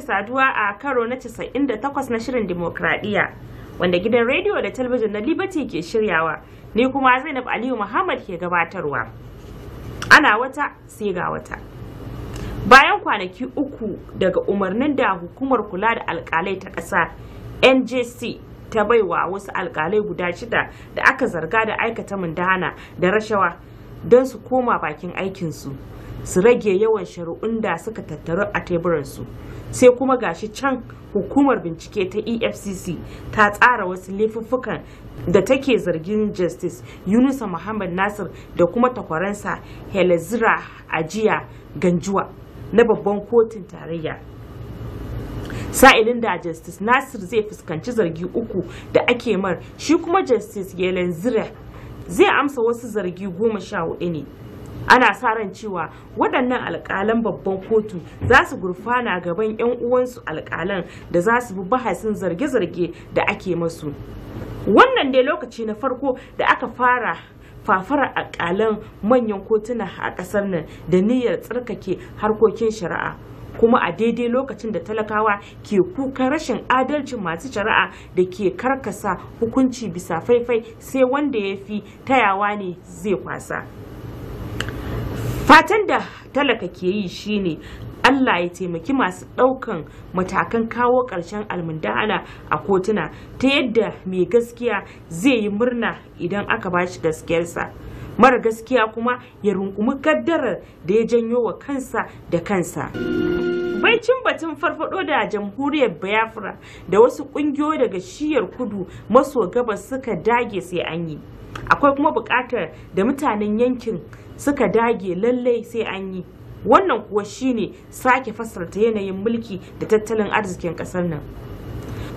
sake saduwa a karo na 98 na shirin demokradiyya wanda gidan rediyo da talabijin na liberty ke shiryawa ni kuma zainab aliyu muhammad ke gabatarwa ana wata sai ga wata bayan kwanaki uku daga umarnin da hukumar kula da alkalai ta ƙasa njc ta baiwa wasu alkalai guda shida da aka zarga da aikata mundana da rashawa don su koma bakin aikinsu su rage yawan shari'un da suka tattaru a teburansu sai kuma gashi can hukumar bincike ta efcc ta tsara wasu laifuffukan da take zargin justice yunusa muhammad nasir da kuma takwaransa helezira ajiya ganjuwa na babban kotun tarayya sa'ilin da justice nasir zai fuskanci zargi uku da ake mar shi kuma justice yelenzira zai amsa wasu zargi goma sha hudu ne ana sa ran cewa waɗannan alƙalan babban kotu za su gurfana gaban 'yan uwansu alƙalan da za su bi bahasin zarge-zarge da ake masu wannan dai lokaci na farko da aka fara fafara alƙalan manyan kotuna a ƙasar nan da niyyar tsarkake harkokin shari'a kuma a daidai lokacin da talakawa ke kuka rashin adalcin masu shari'a da ke karkasa hukunci bisa faifai sai wanda ya fi tayawa ne zai kwasa. fatan da talaka ke yi shine Allah ya taimaki masu ɗaukan matakan kawo ƙarshen almundana a kotuna ta yadda mai gaskiya zai yi murna idan aka ba shi gaskiyarsa mara gaskiya kuma ya rungumi kaddarar da ya janyo wa kansa da kansa. baicin batun farfado da jamhuriyar biafra da wasu kungiyoyi daga shiyar kudu maso gabas suka dage sai an yi akwai kuma bukatar da mutanen yankin suka dage lallai sai an yi wannan kuwa shine sake fasalta yanayin mulki da tattalin arzikin kasar nan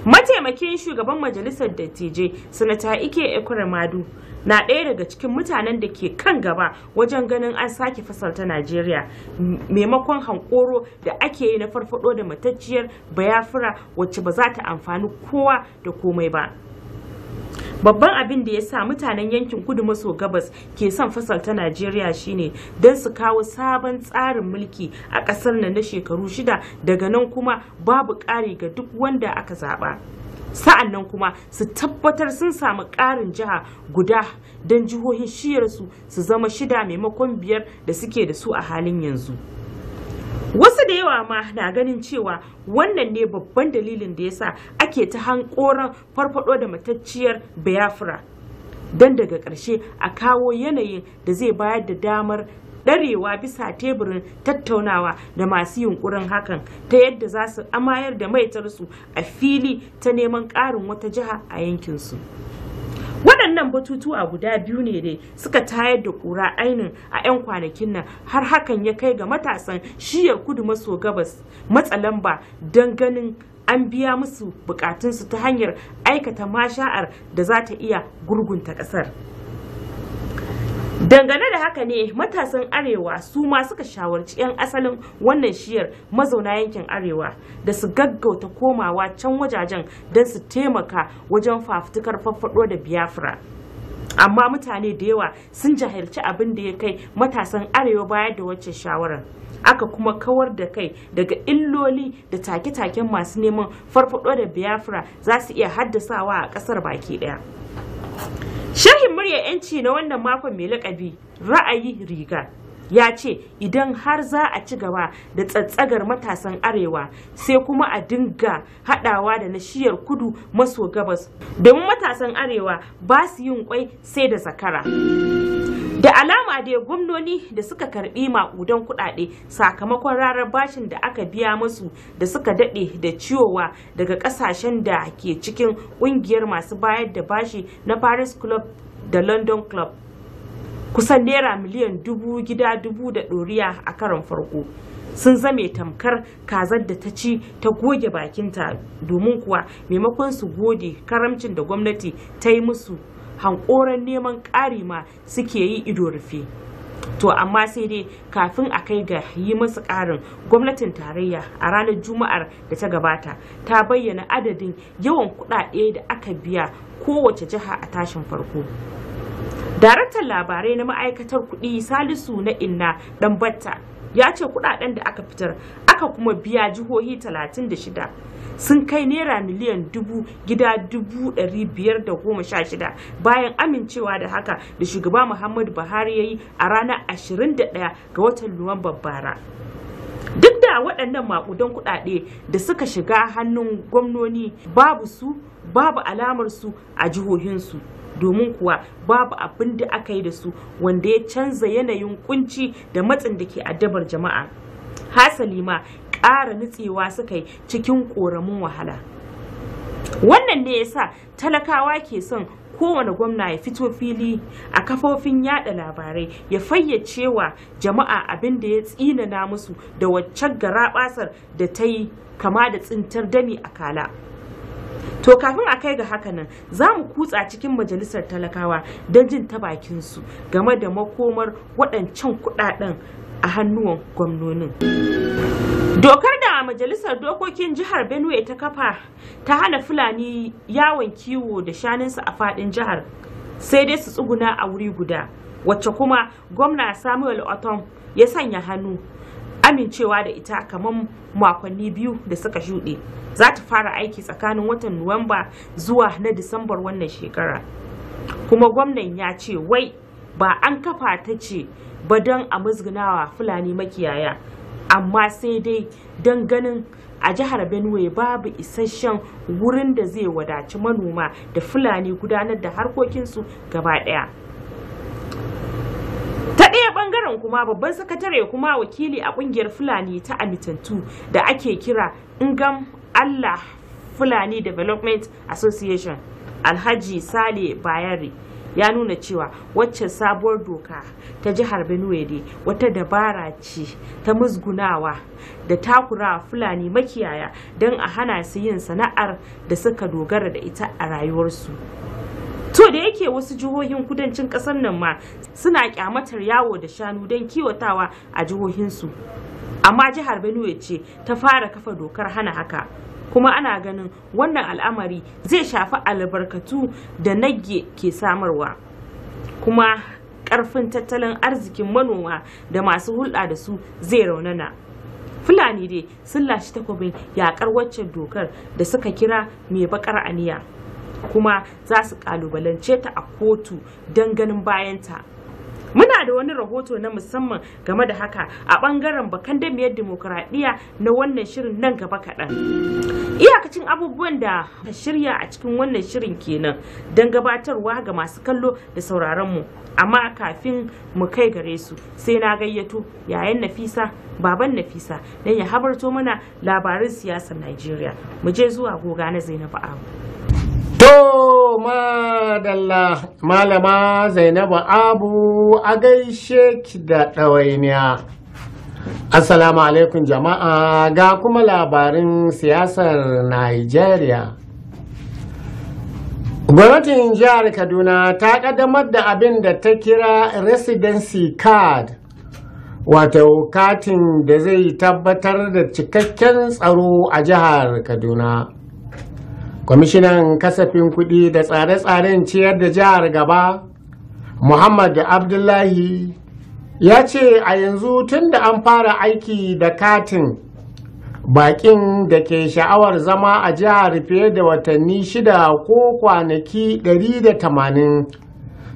mataimakin shugaban majalisar dattijai sanata ike Madu na ɗaya daga cikin mutanen da ke kan gaba wajen ganin an sake fasalta najeriya maimakon hankoro da ake yi na farfado da matacciyar bayafura wacce ba za ta amfani kowa da komai ba babban abin da ya sa mutanen yankin kudu maso gabas ke son fasal fasalta najeriya shine don su kawo sabon tsarin mulki a ƙasar nan na shekaru shida daga nan kuma babu ƙari ga duk wanda aka zaɓa sa'an nan kuma su tabbatar sun samu ƙarin jiha guda don jihohin shiyarsu su zama shida maimakon biyar da suke da su a halin yanzu. wasu da yawa ma na ganin cewa wannan ne babban dalilin da yasa ake ta hankoran farfado da matacciyar biafra don daga ƙarshe a kawo yanayin da zai bayar da damar ɗarewa bisa teburin tattaunawa da masu yunkurin hakan ta yadda za su amayar da maitarsu a fili ta neman ƙarin wata jiha a yankinsu. waɗannan batutuwa guda biyu ne dai suka tayar da kura ainin a 'yan kwanakin nan har hakan ya kai ga matasan shiyar kudu maso gabas matsalamba don ganin an biya musu bukatunsu ta hanyar aikata masha'ar da za ta iya gurgunta ƙasar. dangane da haka ne matasan arewa su ma suka shawarci 'yan asalin wannan shiyar mazauna yankin arewa da su gaggauta komawa can wajajen don su taimaka wajen fafutukar farfaɗo da biafra amma mutane da yawa sun jahilci abin da ya kai matasan arewa baya da wacce shawarar aka kuma kawar da kai daga illoli da take-taken masu neman farfaɗo da biafra za su iya haddasawa a ƙasar baki ɗaya. Sharhin murya 'yanci na wannan makon mai lakabi ra'ayi riga ya ce idan har za a ci gaba da tsatsagar matasan arewa sai kuma a dinga hadawa da nashiyar kudu maso gabas domin matasan arewa ba su yin kwai sai da zakara. da alama dai gwamnoni da suka karbi makudan kudade sakamakon rarar bashin da aka biya musu da suka dade da ciwowa daga kasashen da ke cikin kungiyar masu bayar da bashi na paris club da london club kusan naira miliyan dubu gida dubu da ɗoriya a karon farko sun zame tamkar kazar da ta ci ta goge bakinta domin kuwa maimakon su gode karamcin da gwamnati ta yi musu hankoran neman ƙari ma suke yi ido rufe to amma sai dai kafin a kai ga yi masu ƙarin gwamnatin tarayya a ranar juma'ar da ta gabata ta bayyana adadin yawan kuɗaɗe da aka biya kowace jiha a tashin farko daraktan labarai na ma'aikatar kuɗi salisu na inna ɗanbatta ya ce kuɗaɗen da aka fitar aka kuma biya jihohi 36 sun kai naira miliyan dubu gida dubu ɗari biyar da goma sha shida bayan amincewa da haka da shugaba muhammadu buhari ya yi a ranar ashirin da ɗaya ga watan nuwamban bara duk da waɗannan maƙudan kuɗaɗe da suka shiga hannun gwamnoni babu su babu alamar su a jihohinsu domin kuwa babu abin da aka yi da su wanda ya canza yanayin kunci da matsin da ke addabar jama'a hasali ma ƙara nutsewa suka yi cikin ƙoramin wahala wannan ne yasa talakawa ke son kowane gwamna ya fito fili a kafofin yada labarai ya fayyace wa jama'a abin da ya tsinana musu da waccan garabasar da ta yi kama da tsintar dami a kala to kafin a kai ga hakanan za mu kutsa cikin majalisar talakawa don jin ta bakinsu game da makomar waɗancan kuɗaɗen a hannuwan gwamnonin dokar da majalisar dokokin jihar benue ta kafa ta hana fulani yawon kiwo da shanunsa a fadin jihar sai dai su tsuguna a wuri guda wacce kuma gwamna samuel otom ya sanya hannu amincewa da ita kamar makonni biyu da suka shuɗe za ta fara aiki tsakanin watan nuwamba zuwa na disambar wannan shekara kuma gwamnan ya ce wai ba an kafa ta ce ba don a musgunawa fulani makiyaya amma sai dai don ganin a jihar benue babu isasshen wurin da zai wadaci manoma da fulani gudanar da harkokinsu gaba daya ta ɗaya ɓangaren kuma babban sakatare kuma wakili a ƙungiyar fulani ta amitantu da ake kira ingam allah fulani development association alhaji sale bayari ya nuna cewa wacce sabuwar doka ta jihar benue ne wata dabara ce ta musgunawa da takura fulani makiyaya don a hana su yin sana'ar da suka dogara da ita a rayuwarsu to da yake wasu jihohin kudancin kasar nan ma suna kyamatar yawo da shanu don kiwatawa a jihohinsu amma jihar benue ce ta fara kafa dokar hana haka kuma ana ganin wannan al'amari zai shafi albarkatu da nage ke samarwa kuma karfin tattalin arzikin manoma da masu hulɗa da su zai raunana fulani dai sun lashe takobin yakar waccan dokar da suka kira mai bakar aniya kuma za su kalubalance ta a kotu don ganin bayanta muna da wani rahoto na musamman game da haka a bangaren bakan damiyar demokuraɗiyya na wannan shirin nan gaba kaɗan iyakacin abubuwan da shirya a cikin wannan shirin kenan don gabatarwa ga masu kallo da sauraronmu amma kafin mu kai gare su sai na gayyato yayin nafisa baban Nafisa don ya habarto mana labarin siyasar Najeriya. Mu je zuwa goga na Zainabu Abu. To madalla malama Zainabu Abu a gaishe ki da ɗawainiya. Assalamu alaikum jama'a ga kuma labarin siyasar Najeriya. Gwamnatin jihar Kaduna ta ƙaddamar da abin da ta kira residency card wato katin da zai tabbatar da cikakken tsaro a jihar kaduna kwamishinan kasafin Kudi da tsare-tsaren ciyar da jihar gaba muhammad abdullahi ya ce a yanzu tun da an fara aiki da katin bakin da ke sha'awar zama a jihar fiye da watanni shida ko kwanaki 180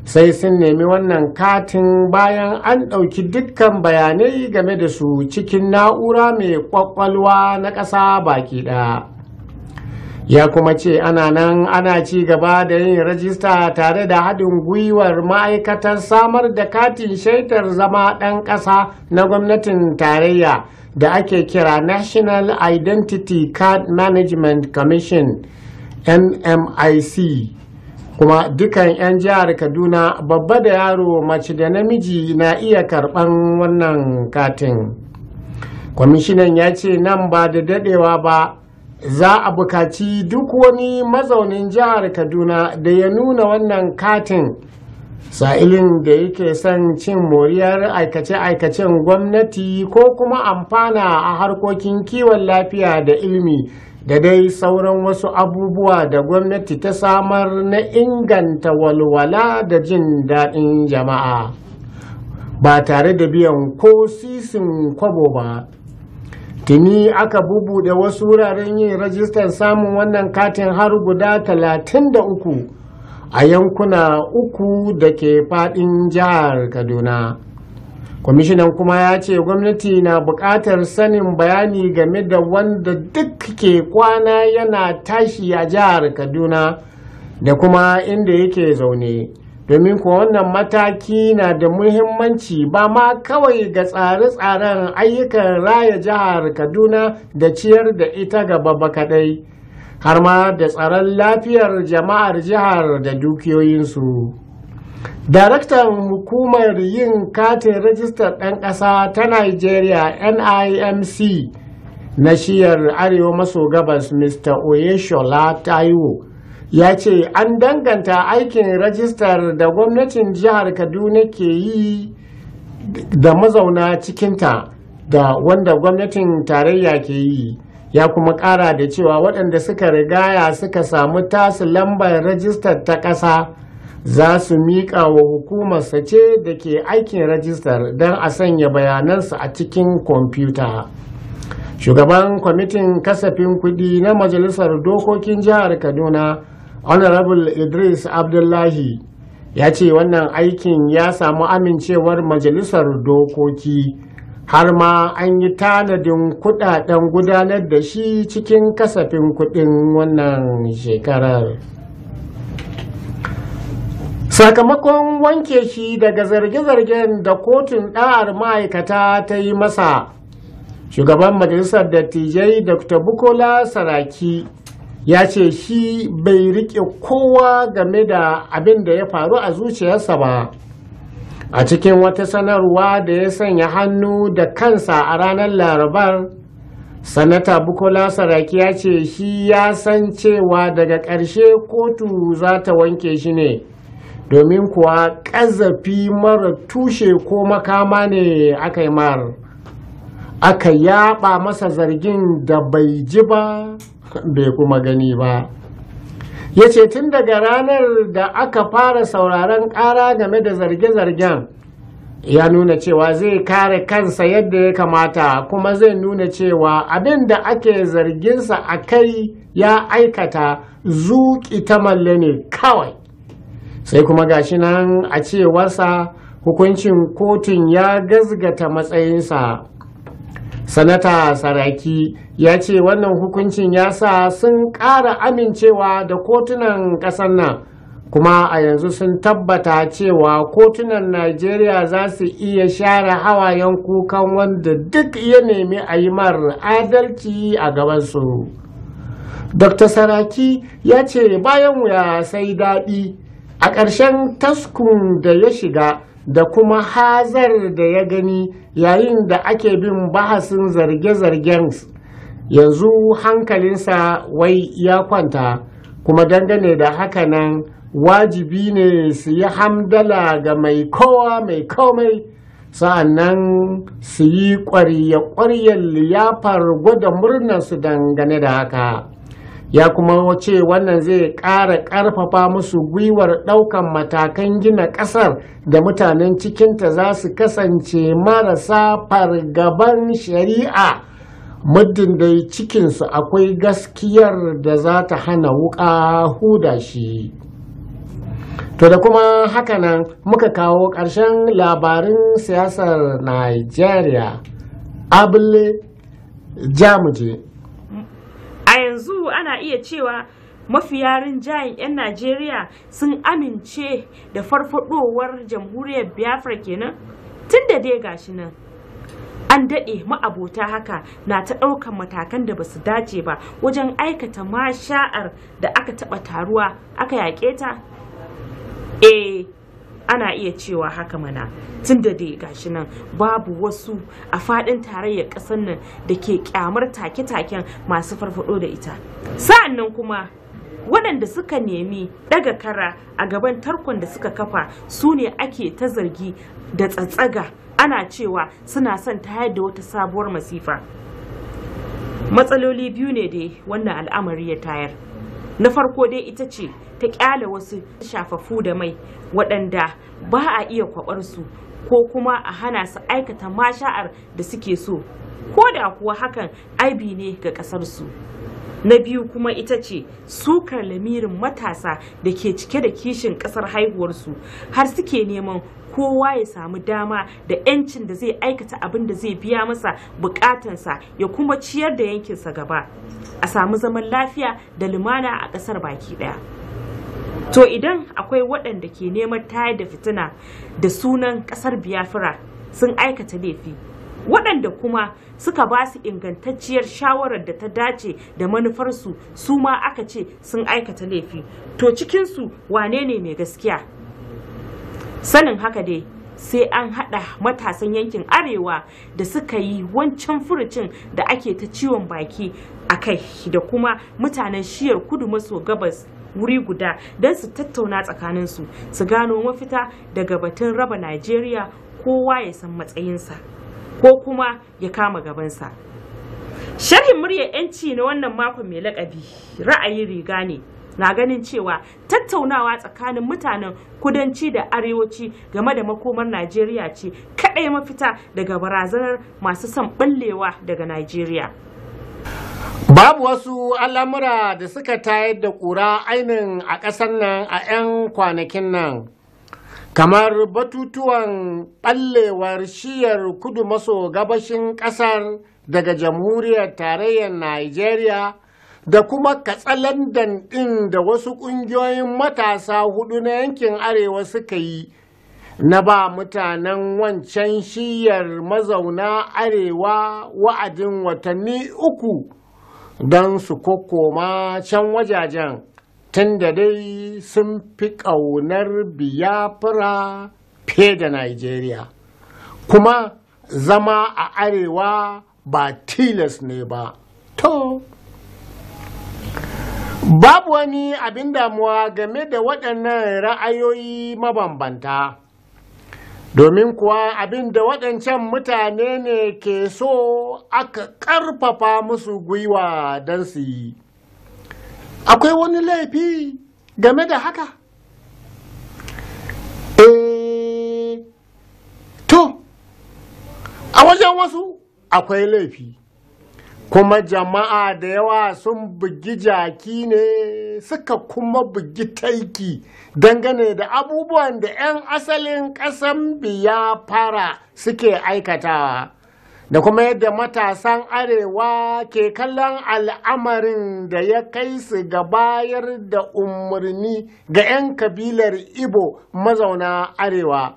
sai sun nemi wannan katin bayan an ɗauki dukkan bayanai game da su cikin na'ura mai ƙwaƙwalwa na ƙasa baki ɗaya ya kuma ce ana nan ana ci gaba da yin rajista tare da haɗin gwiwar ma'aikatar samar da katin shaidar zama ɗan ƙasa na gwamnatin tarayya da ake kira national identity card management commission nmic kuma dukan 'yan jihar kaduna babba da yaro mace da namiji na iya karban wannan katin kwamishinan ya ce nan ba da dadewa ba za a bukaci duk wani mazaunin jihar kaduna da ya nuna wannan katin sa'ilin da yake son cin moriyar aikace-aikacen gwamnati ko kuma amfana a harkokin kiwon lafiya da ilimi da dai sauran wasu abubuwa da gwamnati ta samar na inganta walwala da jin daɗin jama'a ba tare da biyan ko sisin kwabo ba tuni aka bubuɗe wasu wuraren yin rajistar samun wannan katin har guda 33 a yankuna uku da ke faɗin jihar kaduna kwamishinan kuma ya ce gwamnati na bukatar sanin bayani game da wanda duk ke kwana yana tashi a jihar kaduna da kuma inda yake zaune domin kuwa wannan mataki na da muhimmanci ba ma kawai ga tsare-tsaren ayyukan raya jihar kaduna da ciyar da ita gaba ba kadai har ma da tsaron lafiyar jama'ar jihar da dukiyoyinsu. Daraktan Hukumar Yin Katin Rajistar Ɗan Ƙasa ta Najeriya NIMC na shiyar Arewa maso gabas Mr. Oyeshola Taiwo ya ce an danganta aikin rajistar da gwamnatin jihar Kaduna ke yi da mazauna cikinta da wanda gwamnatin tarayya ke yi. ya kuma ƙara da cewa waɗanda suka rigaya suka samu tasu lambar rajistar ta ƙasa za su miƙa wa hukumarsa ce da ke aikin rajistar don a sanya bayanansu a cikin kwamfuta shugaban kwamitin kasafin kudi na majalisar dokokin jihar kaduna honorable idris abdullahi ya ce wannan aikin ya samu amincewar majalisar dokoki har ma an yi tanadin kudaden gudanar da shi cikin kasafin kudin wannan shekarar sakamakon wanke shi daga zarge-zargen da kotun ɗa'ar ma'aikata ta yi masa shugaban majalisar dattijai dr bukola saraki ya ce shi bai riƙe kowa game da abin da ya faru a zuciyarsa ba a cikin wata sanarwa da ya sanya hannu da kansa a ranar larabar sanata bukola saraki ya ce shi ya san cewa daga ƙarshe kotu za ta wanke shi ne domin kuwa ƙazafi mara tushe ko makama ne aka yi mar aka yaba masa zargin da bai ji ba bai kuma gani ba ya ce tun daga ranar da aka fara sauraron ƙara game da zarge-zargen ya nuna cewa zai kare kansa yadda ya kamata kuma zai nuna cewa abin da ake zarginsa a kai ya aikata zuƙi ta malle ne kawai sai kuma gashi nan a cewarsa hukuncin kotun ya gazgata matsayinsa sanata saraki ya ce wannan hukuncin ya sa sun ƙara amincewa da kotunan ƙasar nan kuma a yanzu sun tabbata cewa kotunan najeriya za su iya share hawayen kukan wanda duk ya nemi a yi mar adalci a gabansu dr saraki ya ce bayan wuya sai daɗi a ƙarshen taskun da ya shiga da kuma hazar da ya gani yayin da ake bin bahasin zarge-zargen yanzu hankalinsa wai ya kwanta kuma dangane da hakanan wajibi ne su yi hamdala ga mai kowa mai komai sa'annan su yi ƙwarya-ƙwaryar liyafar gwada murnar su dangane da haka ya kuma ce wannan zai ƙara ƙarfafa musu gwiwar ɗaukan matakan gina ƙasar da mutanen cikinta za su kasance marasa fargaban shari'a muddin da cikinsu akwai gaskiyar da za ta hana wuƙa huda shi to da kuma haka hakanan muka kawo ƙarshen labarin siyasar nigeria abule jamuje a yanzu ana iya cewa mafiya rinjayen 'yan najeriya sun amince da farfadowar jamhuriyar biafra kenan tun da dai gashi nan an daɗe ma'abota haka na ta ɗaukan matakan da basu dace ba wajen aikata masha'ar da aka taɓa taruwa aka yaƙe ta eh ana iya cewa haka mana tun da dai gashi nan babu wasu a fadin tarayyar ƙasar nan da ke kyamar take-taken masu farfado da ita sa'an nan kuma waɗanda suka nemi ɗaga kara a gaban tarkon da suka kafa su ne ake ta zargi da tsatsaga ana cewa suna son tayar da wata sabuwar masifa matsaloli biyu ne dai wannan al'amari ya tayar na farko dai ita ce ta kyale wasu shafafu da mai waɗanda ba a iya kwabar su ko kuma a hana su aikata masha'ar da suke so ko da kuwa hakan aibi ne ga ƙasar su na biyu kuma ita ce sukar lamirin matasa da ke cike da kishin ƙasar haihuwarsu har suke neman kowa ya samu dama da 'yancin da zai aikata abin da zai biya masa bukatansa ya kuma ciyar da yankinsa gaba a samu zaman lafiya da lumana a ƙasar baki ɗaya. to idan akwai waɗanda ke neman tayar da fitina da sunan ƙasar biafra sun aikata laifi waɗanda kuma suka ba su ingantacciyar shawarar da ta dace da manufarsu su ma aka ce sun aikata laifi to cikinsu wane ne mai gaskiya sanin haka dai sai an haɗa matasan yankin arewa da suka yi wancan furucin da ake ta ciwon baki a kai da kuma mutanen shiyar kudu maso gabas wuri guda don su tattauna tsakanin su su gano mafita daga batun raba najeriya kowa ya san matsayinsa ko kuma ya kama gabansa sharhin muryar 'yanci na wannan makon mai lakabi ra'ayin riga ne na ganin cewa tattaunawa tsakanin mutanen kudanci da arewaci game da makomar najeriya ce kaɗai mafita daga barazanar masu son ɓallewa daga najeriya Babu wasu al'amura da suka tayar da ƙura ainin a ƙasar nan a 'yan kwanakin nan, kamar batutuwan ɓallewar shiyar kudu maso gabashin ƙasar daga jamhuriyar tarayyar Najeriya da kuma katsalandan ɗin da wasu ƙungiyoyin matasa hudu na yankin arewa suka yi. na ba mutanen wancan shiyar mazauna arewa wa'adin watanni uku don su kokoma can wajajen tun da dai sun fi ƙaunar biyafura fiye da Najeriya. Kuma zama a arewa ba tilas ne ba. To, babu wani abin damuwa game da waɗannan ra'ayoyi mabambanta. domin kuwa abin da waɗancan mutane ne ke so aka ƙarfafa musu gwiwa don su yi akwai wani laifi game da haka e to a wajen wasu akwai laifi kuma jama'a da yawa sun bugi jaki ne suka kuma bugi taiki dangane da abubuwan da 'yan asalin ƙasan fara suke aikatawa da kuma yadda matasan arewa ke kallon al'amarin da ya kai su ga bayar da umarni ga 'yan kabilar ibo mazauna arewa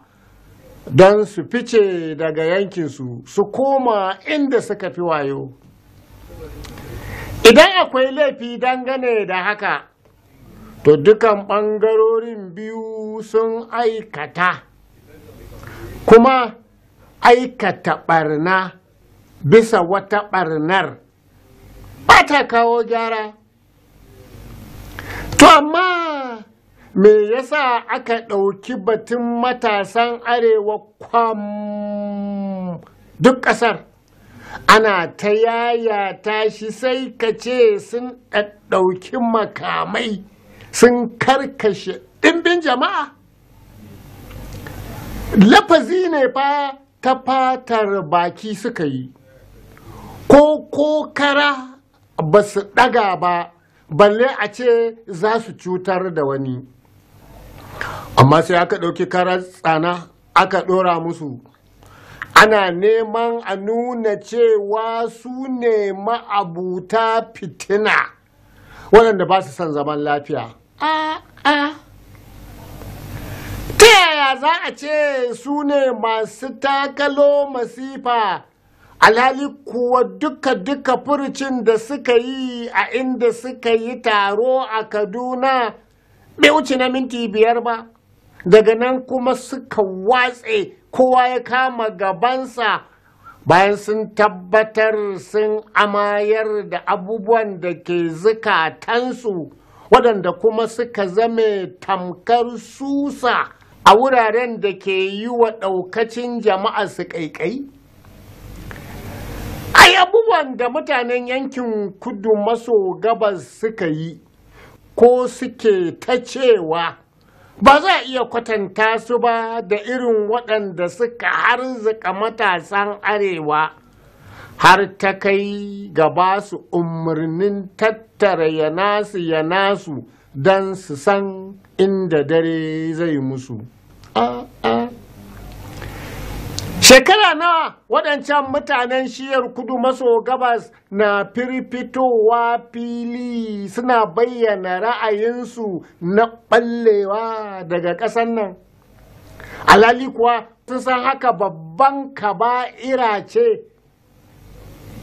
don su fice daga yankinsu su koma inda suka fi wayo idan akwai laifi dangane da haka to dukan ɓangarorin biyu sun aikata kuma aikata ɓarna bisa wata ɓarnar ba ta kawo gyara to amma me yasa aka ɗauki batun matasan arewa kwam duk ƙasar ana ta yaya tashi sai ka ce sun ɗauki makamai sun karkashe ɗimbin jama'a lafazi ne fa ta fatar baki suka yi ko ko kara ba su ɗaga ba balle a ce za su cutar da wani amma sai aka ɗauki kara tsana aka ɗora musu ana neman a nuna cewa su ne ma'abuta fitina waɗanda ba su son zaman lafiya ta yaya za a ce su ne masu takalo masifa alhali kuwa duka-duka furcin da suka yi a inda suka yi taro a kaduna bai wuce na minti biyar ba daga nan kuma suka watse kowa ya kama gabansa bayan sun tabbatar sun amayar da abubuwan da ke zukatansu waɗanda kuma suka zame tamkar susa a wuraren da ke yi wa ɗaukacin jama'a su kaikai ai abubuwan da mutanen yankin kudu maso gabas suka yi ko suke ta cewa ba za a iya kwatanta su ba da irin waɗanda suka harzuka matasan arewa har ta kai gaba su umarnin tattara yanasu yanasu don su san inda dare zai musu. Shekara nawa waɗancan mutanen shiyar kudu maso gabas na firfitowa fili suna bayyana ra'ayinsu na ɓallewa daga ƙasar nan. Alali kuwa sun san haka babban kaba'ira ce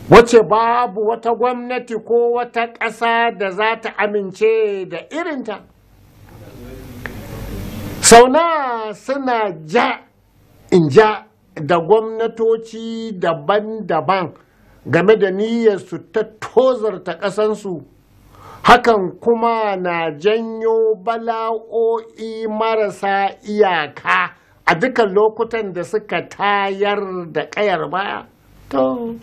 wace babu wata gwamnati ko wata ƙasa da za ta amince da irinta. Sauna suna ja in ja. da gwamnatoci daban-daban game da niyyarsu ta tozarta ƙasansu hakan kuma na janyo bala'o'i marasa iyaka a dukkan lokutan da suka tayar da ƙayar baya to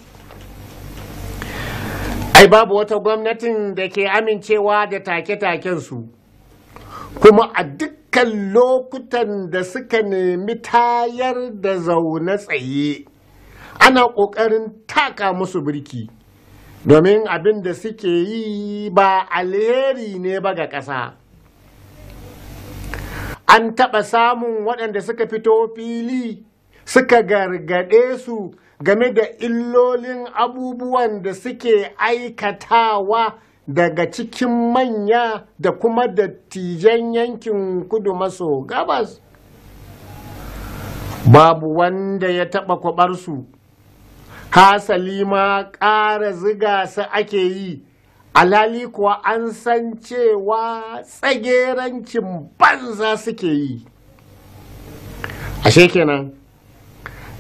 ai babu wata gwamnatin da ke amincewa da take-takensu kuma a duk dukkan lokutan da suka nemi tayar da zaune tsaye ana ƙoƙarin taka musu birki domin abin da suke yi ba alheri ne ba ga ƙasa an taɓa samun waɗanda suka fito fili suka gargaɗe su game da illolin abubuwan da suke aikatawa daga cikin manya da kuma dattijan yankin kudu maso gabas babu wanda ya taɓa su. hasali ma ƙara ziga su ake yi alhali kuwa an san cewa tsagerancin banza suke yi ashe kenan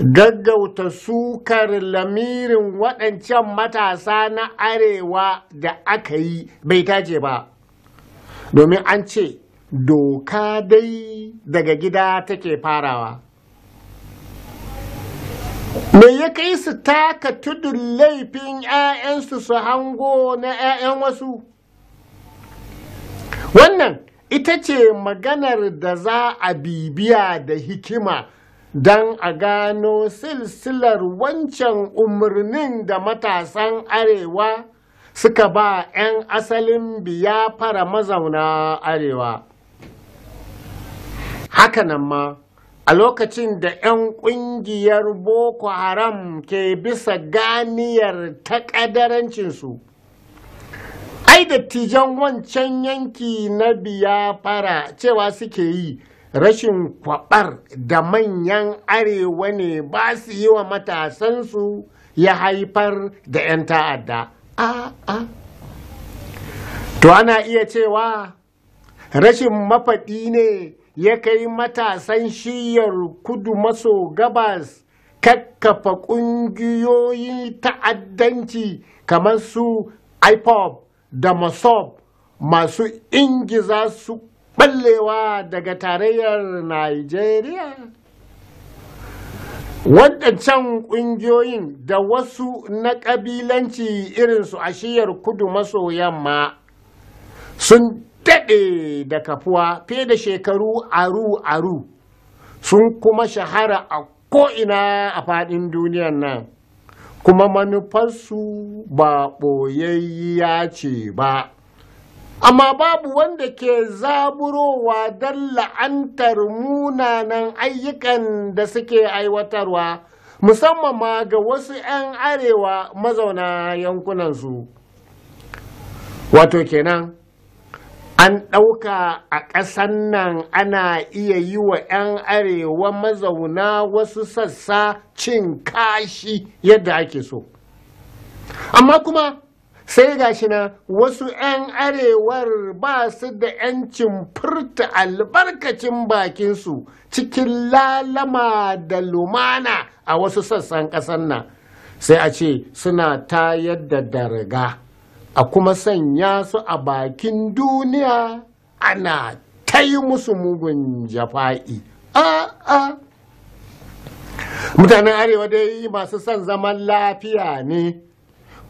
gaggauta sukar lamirin waɗancan matasa na arewa da aka yi bai tace ba domin an ce doka dai daga gida take farawa me ya kai su taka tudun laifin 'ya'yansu su hango na 'ya'yan wasu wannan ita ce maganar da za a bibiya da hikima don a gano silsilar wancan umarnin da matasan arewa suka ba 'yan asalin biyafara mazauna arewa hakanan ma a lokacin da 'yan ƙungiyar boko haram ke bisa ganiyar ta taƙadarancinsu ai dattijan wancan yanki na biyafara cewa suke yi rashin kwabar da manyan arewa ne ba su yi wa matasansu ya haifar da 'yan ta'adda a a to ana iya cewa rashin mafaɗi ne ya kai matasan shiyar kudu maso gabas kakkafa ƙungiyoyin ta'addanci kamar su ipop da Masop, masu ingiza su ɓallewa daga tarayyar Najeriya? Waɗancan ƙungiyoyin da wasu na ƙabilanci irinsu a shiyar kudu maso yamma sun daɗe da kafuwa fiye da shekaru aru-aru sun kuma shahara a ko'ina a faɗin duniyar nan kuma manufarsu ba ɓoyayya ce ba. amma babu wanda ke zaburowa don la'antar munanan ayyukan da suke aiwatarwa musamman ma ga wasu 'yan arewa mazauna yankunansu wato kenan an ɗauka a ƙasan nan ana iya yi wa 'yan arewa mazauna wasu sassa cin kashi yadda ake so amma kuma sai shi na wasu 'yan arewar ba su da 'yancin furta albarkacin bakinsu cikin lalama da lumana a wasu sassan ƙasar nan sai a ce suna tayar da daraga a kuma sanya su a bakin duniya ana ta yi musu mugun jafa'i a mutanen arewa dai masu son zaman lafiya ne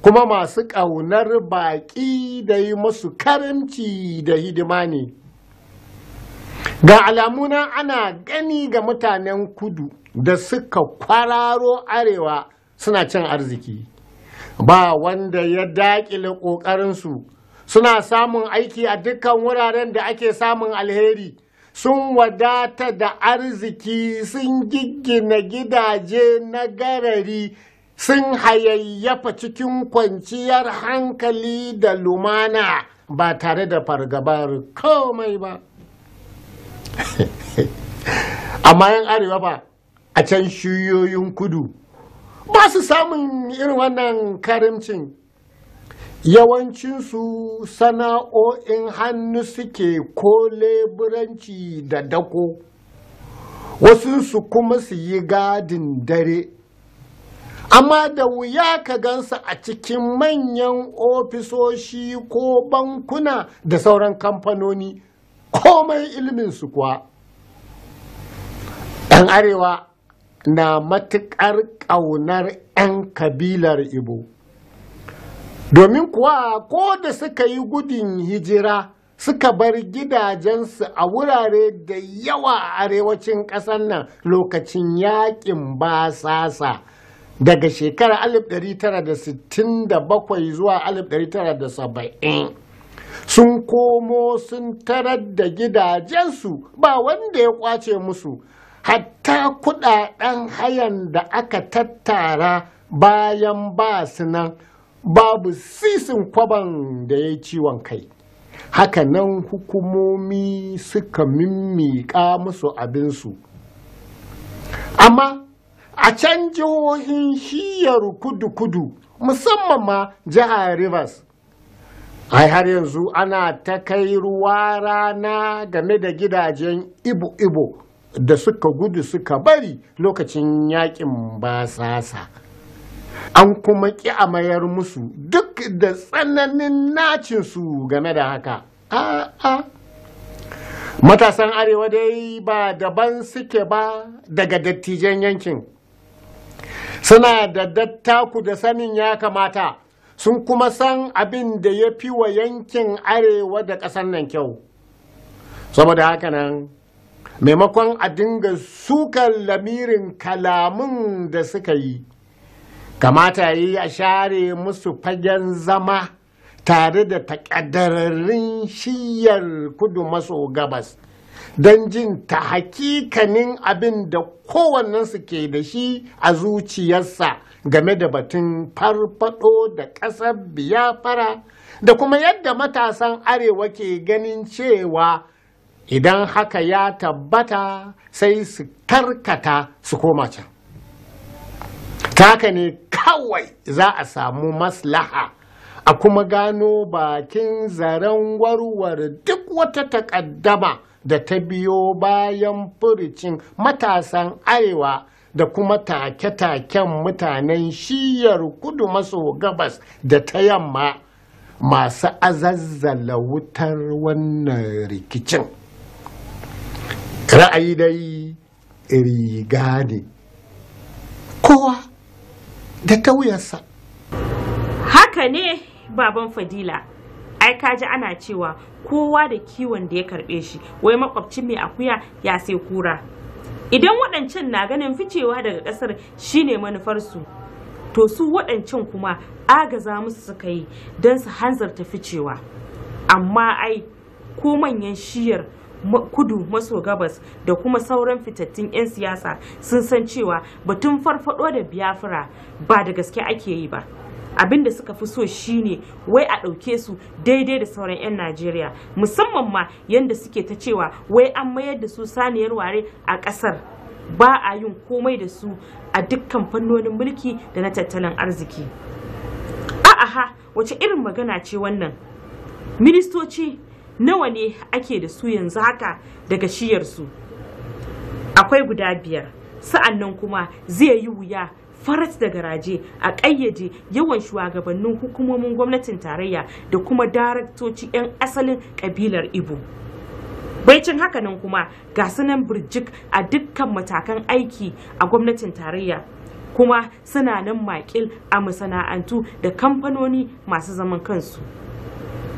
kuma masu ƙaunar baƙi da yi musu karimci da hidima ne ga alamuna ana gani ga mutanen kudu da suka kwararo arewa suna cin arziki ba wanda ya daƙile ƙoƙarinsu suna samun aiki a dukkan wuraren da ake samun alheri sun wadata da arziki sun giggina gidaje na garari sun hayayyafa cikin kwanciyar hankali da lumana ba tare da fargabar komai ba amma yan arewa ba a can shiyoyin kudu ba su samun irin wannan karimcin yawancinsu sana'o'in hannu suke ko leburanci da dako Wasu su kuma su yi gadin dare amma da wuya ka gansa a cikin manyan ofisoshi ko bankuna da sauran kamfanoni komai su kuwa ɗan arewa na matuƙar ƙaunar 'yan kabilar ibo domin kuwa ko da suka yi gudun hijira suka bar gidajensu a wurare da yawa a arewacin ƙasar nan lokacin yaƙin basasa daga shekarar 1967 zuwa 1970 sun komo sun tarar da gidajensu ba wanda ya kwace musu hatta kudaden hayan da aka tattara bayan ba su nan babu sisin kwaban da ya ciwon kai hakanan hukumomi suka mimmiƙa musu abinsu amma a can jihohin shiyar kudu-kudu musamman ma jihar rivers ai har yanzu ana ta kai ruwa rana game da gidajen ibo-ibo da suka gudu suka bari lokacin yakin basasa an kuma ƙi a mayar musu duk da tsananin nacinsu game da haka a'a matasan arewa dai ba daban suke ba daga dattijan yankin suna da dattaku da sanin ya kamata sun kuma san abin da ya fi wa yankin arewa da ƙasar nan kyau saboda haka nan maimakon a dinga sukan lamirin kalamun da suka yi kamata yi a share musu fagen zama tare da takadararrin shiyar kudu maso gabas don jin ta hakikanin abin da kowannensu ke da shi a zuciyarsa game da batun farfado da ƙasar biyafara da kuma yadda matasan arewa ke ganin cewa idan haka ya tabbata sai su karkata su koma can taka ne kawai za a samu maslaha a kuma gano bakin zaren warware duk wata takaddama da ta biyo bayan furicin matasan arewa da kuma take-taken mutanen shiyar kudu maso gabas da ta yamma masu azazzala wutar wannan rikicin ra'ayi dai riga ne kowa da ta haka ne baban fadila ai ka ji ana cewa kowa da kiwon da ya karbe shi wai makwabcin mai akuya ya sai kura idan waɗancan na ganin ficewa daga ƙasar shine manufarsu to su waɗancan kuma agaza musu suka yi don su hanzarta ficewa amma ai ko manyan shiyar kudu maso gabas da kuma sauran fitattun 'yan siyasa sun san cewa batun farfado da biyafura ba da gaske ake yi ba abin da suka fi so shine wai a ɗauke su daidai da sauran 'yan najeriya musamman ma yadda suke ta cewa wai an mayar da su saniyar ware a ƙasar ba a yin komai da su a dukkan fannonin mulki da na tattalin arziki aha wace irin magana ce wannan ministoci nawa ne ake da su yanzu haka daga su? akwai guda biyar sa'an nan kuma zai yi wuya faras da garaje a ƙayyade yawan shugabannin hukumomin gwamnatin tarayya da kuma daraktoci 'yan asalin ƙabilar ibo baicin nan kuma ga sunan birjik a dukkan matakan aiki a gwamnatin tarayya kuma suna nan makil a masana'antu da kamfanoni masu zaman kansu.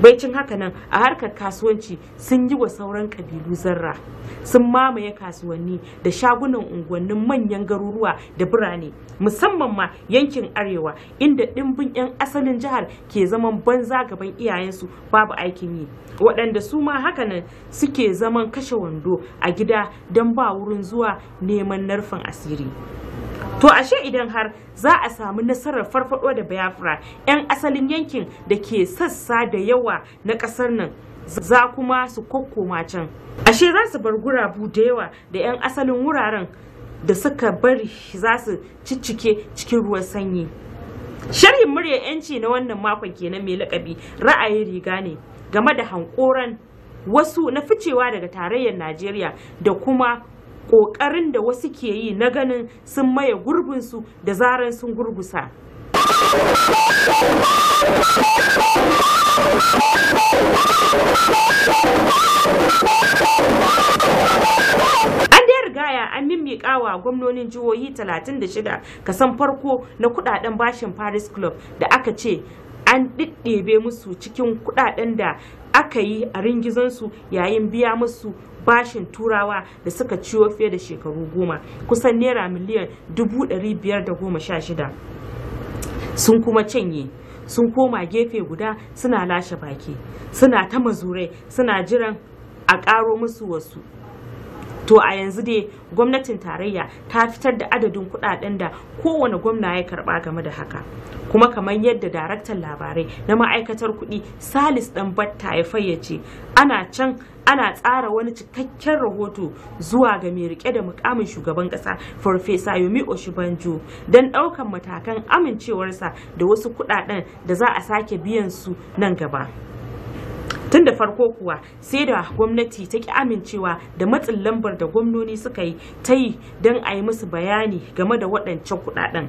baicin haka nan a harkar kasuwanci sun yi wa sauran kabilu zarra sun mamaye kasuwanni da shagunan unguwannin manyan garuruwa da birane musamman ma yankin arewa inda dimbin 'yan asalin jihar ke zaman banza gaban iyayensu babu aikin yi waɗanda su ma nan suke zaman kashe wando a gida don ba wurin zuwa neman narfin asiri To ashe idan har za a samu nasarar farfado da Biafra 'yan asalin yankin da ke sassa da yawa na ƙasar nan za kuma su kokkoma can. Ashe za su bar gurabu da yawa da 'yan asalin wuraren da suka bari za su ciccike cikin ruwan sanyi. Sharhin murya 'yanci na wannan makon kenan mai lakabi ra'ayin riga ne game da hankoran wasu na ficewa daga tarayyar Najeriya da kuma ƙoƙarin da wasu ke yi na ganin sun maye gurbinsu da zaran sun gurgusa. An dai rigaya an mimmiƙa wa gwamnonin jihohi 36 kasan farko na kudaden bashin Paris Club da aka ce an ɗiɗɗebe musu cikin kudaden da aka yi a ringizansu yayin biya musu bashin turawa da suka ciwo fiye da shekaru goma kusan naira miliyan dubu ɗari biyar da goma sha shida sun kuma cinye sun koma gefe guda suna lashe baki suna ta mazurai suna jiran a ƙaro musu wasu to a yanzu dai gwamnatin tarayya ta fitar da adadin kudaden da kowane gwamna ya karba game da haka kuma kamar yadda daraktan labarai na ma'aikatar kudi salis dan batta ya fayyace ana can ana tsara wani cikakken rahoto zuwa ga mai rike da mukamin shugaban kasa farfesa yomi oshibanjo don ɗaukan matakan amincewarsa da wasu kudaden da za a sake biyan su nan gaba tun da farko kuwa sai da gwamnati ta ki amincewa da matsin lambar da gwamnoni suka yi ta yi don a yi musu bayani game da waɗancan kuɗaɗen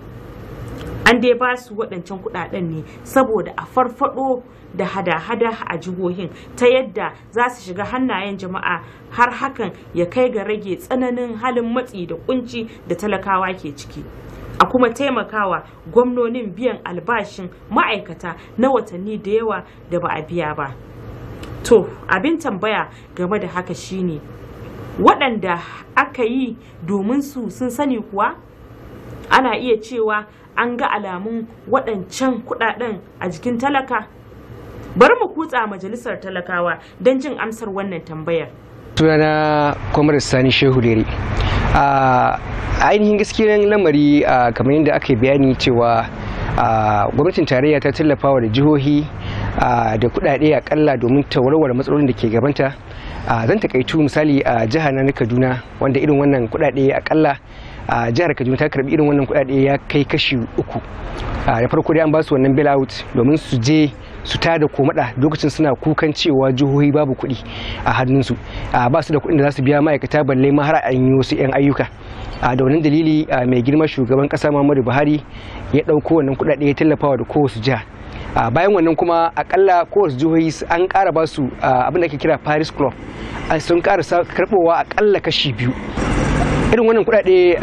an dai ba su waɗancan kuɗaɗen ne saboda a farfaɗo da hada-hada a jihohin ta yadda za su shiga hannayen jama'a har hakan ya kai ga rage tsananin halin matsi da kunci da talakawa ke ciki a kuma taimakawa gwamnonin biyan albashin ma'aikata na watanni da yawa da ba a biya ba. to abin tambaya game da haka shine waɗanda aka yi domin su sun sani kuwa ana iya cewa an ga alamun waɗancan kuɗaɗen a jikin talaka bari mu kutsa majalisar talakawa don jin amsar wannan tambayar sunana kwamar sani shehu lere a ainihin gaskiyar lamari kamar yadda aka bayani cewa gwamnatin tarayya ta tallafa wa da jihohi da kuɗaɗe akalla domin ta warware matsalolin da ke gabanta zan takaitu misali a jihar na kaduna wanda irin wannan kuɗaɗe akalla a jihar kaduna ta karbi irin wannan kuɗaɗe ya kai kashi uku da farko dai an ba wannan bailout domin su je su ta da komada lokacin suna kukan cewa jihohi babu kuɗi a hannunsu ba su da kuɗin da za su biya ma'aikata balle ma har an yi wasu 'yan ayyuka da wannan dalili mai girma shugaban ƙasa muhammadu buhari ya ɗauko wannan kuɗaɗe ya tallafawa da kowace jiha bayan wannan kuma akalla kowace jihohi an kara ba su abin da ake kira paris club sun ƙara karɓowa akalla kashi biyu irin wannan kuɗaɗe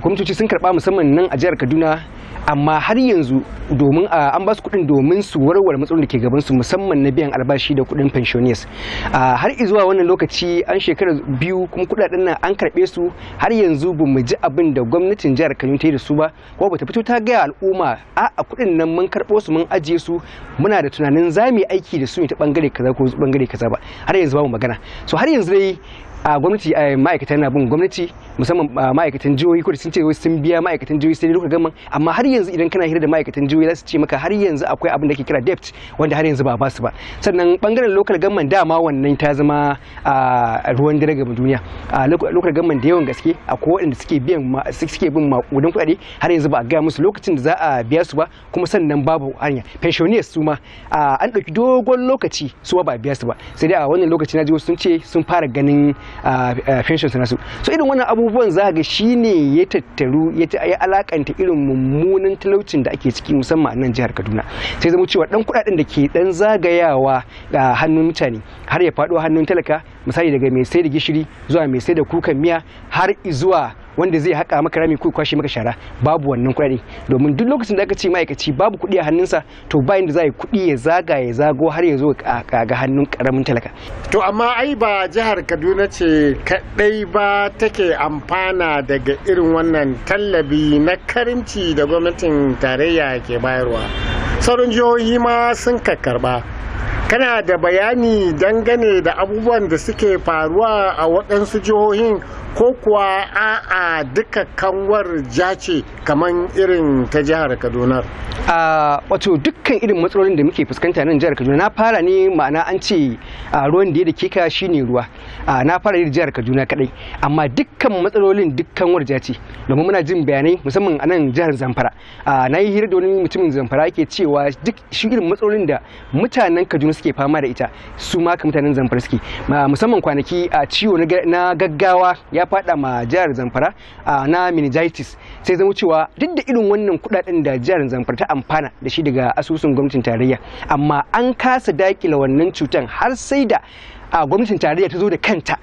kwamitoci sun karɓa musamman nan a jihar kaduna amma har yanzu domin ah, an ba su kuɗin domin su warware matsalolin da ke gaban su musamman na biyan albashi da kuɗin pensioners ah, har zuwa wannan lokaci an shekara biyu kuma kuɗaɗen nan an karɓe su har yanzu ba mu ji abin da gwamnatin jihar Kano ta yi da su ba ko ba ta fito ta gaya al'umma a kuɗin nan mun karɓo su mun ajiye su muna da tunanin za mu yi aiki da su ne ta bangare kaza ko bangare kaza ba har yanzu ba mu magana so har yanzu dai a gwamnati a ma'aikata na bin gwamnati musamman ma'aikatan jihohi ko sun ce sun biya ma'aikatan jihohi sai duka gaman amma har yanzu idan kana hira da ma'aikatan jihohi za su ce maka har yanzu akwai abin da ke kira debt wanda har yanzu ba ba su ba sannan bangaren local government dama wannan ta zama a ruwan dare ga duniya a local government da yawan gaske akwai waɗanda suke biyan suke bin makudan kuɗaɗe har yanzu ba a gaya musu lokacin da za a biya su ba kuma sannan babu hanya pensioners su ma an ɗauki dogon lokaci su ba biya su ba sai dai a wannan lokaci na ji sun ce sun fara ganin pensions nasu so irin wannan abubuwan za ga ne ya tattaru ya alakanta irin mummunan talaucin da ake ciki musamman a nan jihar Kaduna sai zama cewa dan kudaden da ke dan zagayawa a hannun mutane har ya faɗo hannun talaka misali daga mai sai da gishiri zuwa mai sai da kukan miya har zuwa wanda zai haƙa maka rami ko kwashe maka shara babu wannan kuɗi domin duk lokacin da aka ce ma'aikaci babu kuɗi a hannunsa to bayan da za yi kuɗi ya zaga ya zago har ya zo ga hannun karamin talaka. To amma ai ba jihar Kaduna ce kaɗai ba take amfana daga irin wannan tallabi na karinci da gwamnatin tarayya ke bayarwa. Sauran jihohi ma sun karɓa. kana da bayani dangane da abubuwan da suke faruwa a waɗansu jihohin ko kuwa a'a duka kanwar jace ce kamar irin ta jihar kaduna a wato dukkan irin matsalolin da muke fuskanta nan jihar kaduna na fara ne ma'ana an ce ruwan da ya da kika shine ruwa na fara ne jihar kaduna kadai amma dukkan matsalolin dukkan warja ce domin muna jin bayanai musamman a nan jihar zamfara na yi hira da wani mutumin zamfara yake cewa duk shi irin matsalolin da mutanen kaduna suke fama da ita su ma ka mutanen zamfara suke musamman kwanaki a ciwo na gaggawa ya ya fada ma jihar zamfara na meningitis sai zama cewa duk da irin wannan kudaden da jihar zamfara ta amfana da shi daga asusun gwamnatin tarayya amma an kasa dakila wannan cutan har sai da gwamnatin tarayya ta zo da kanta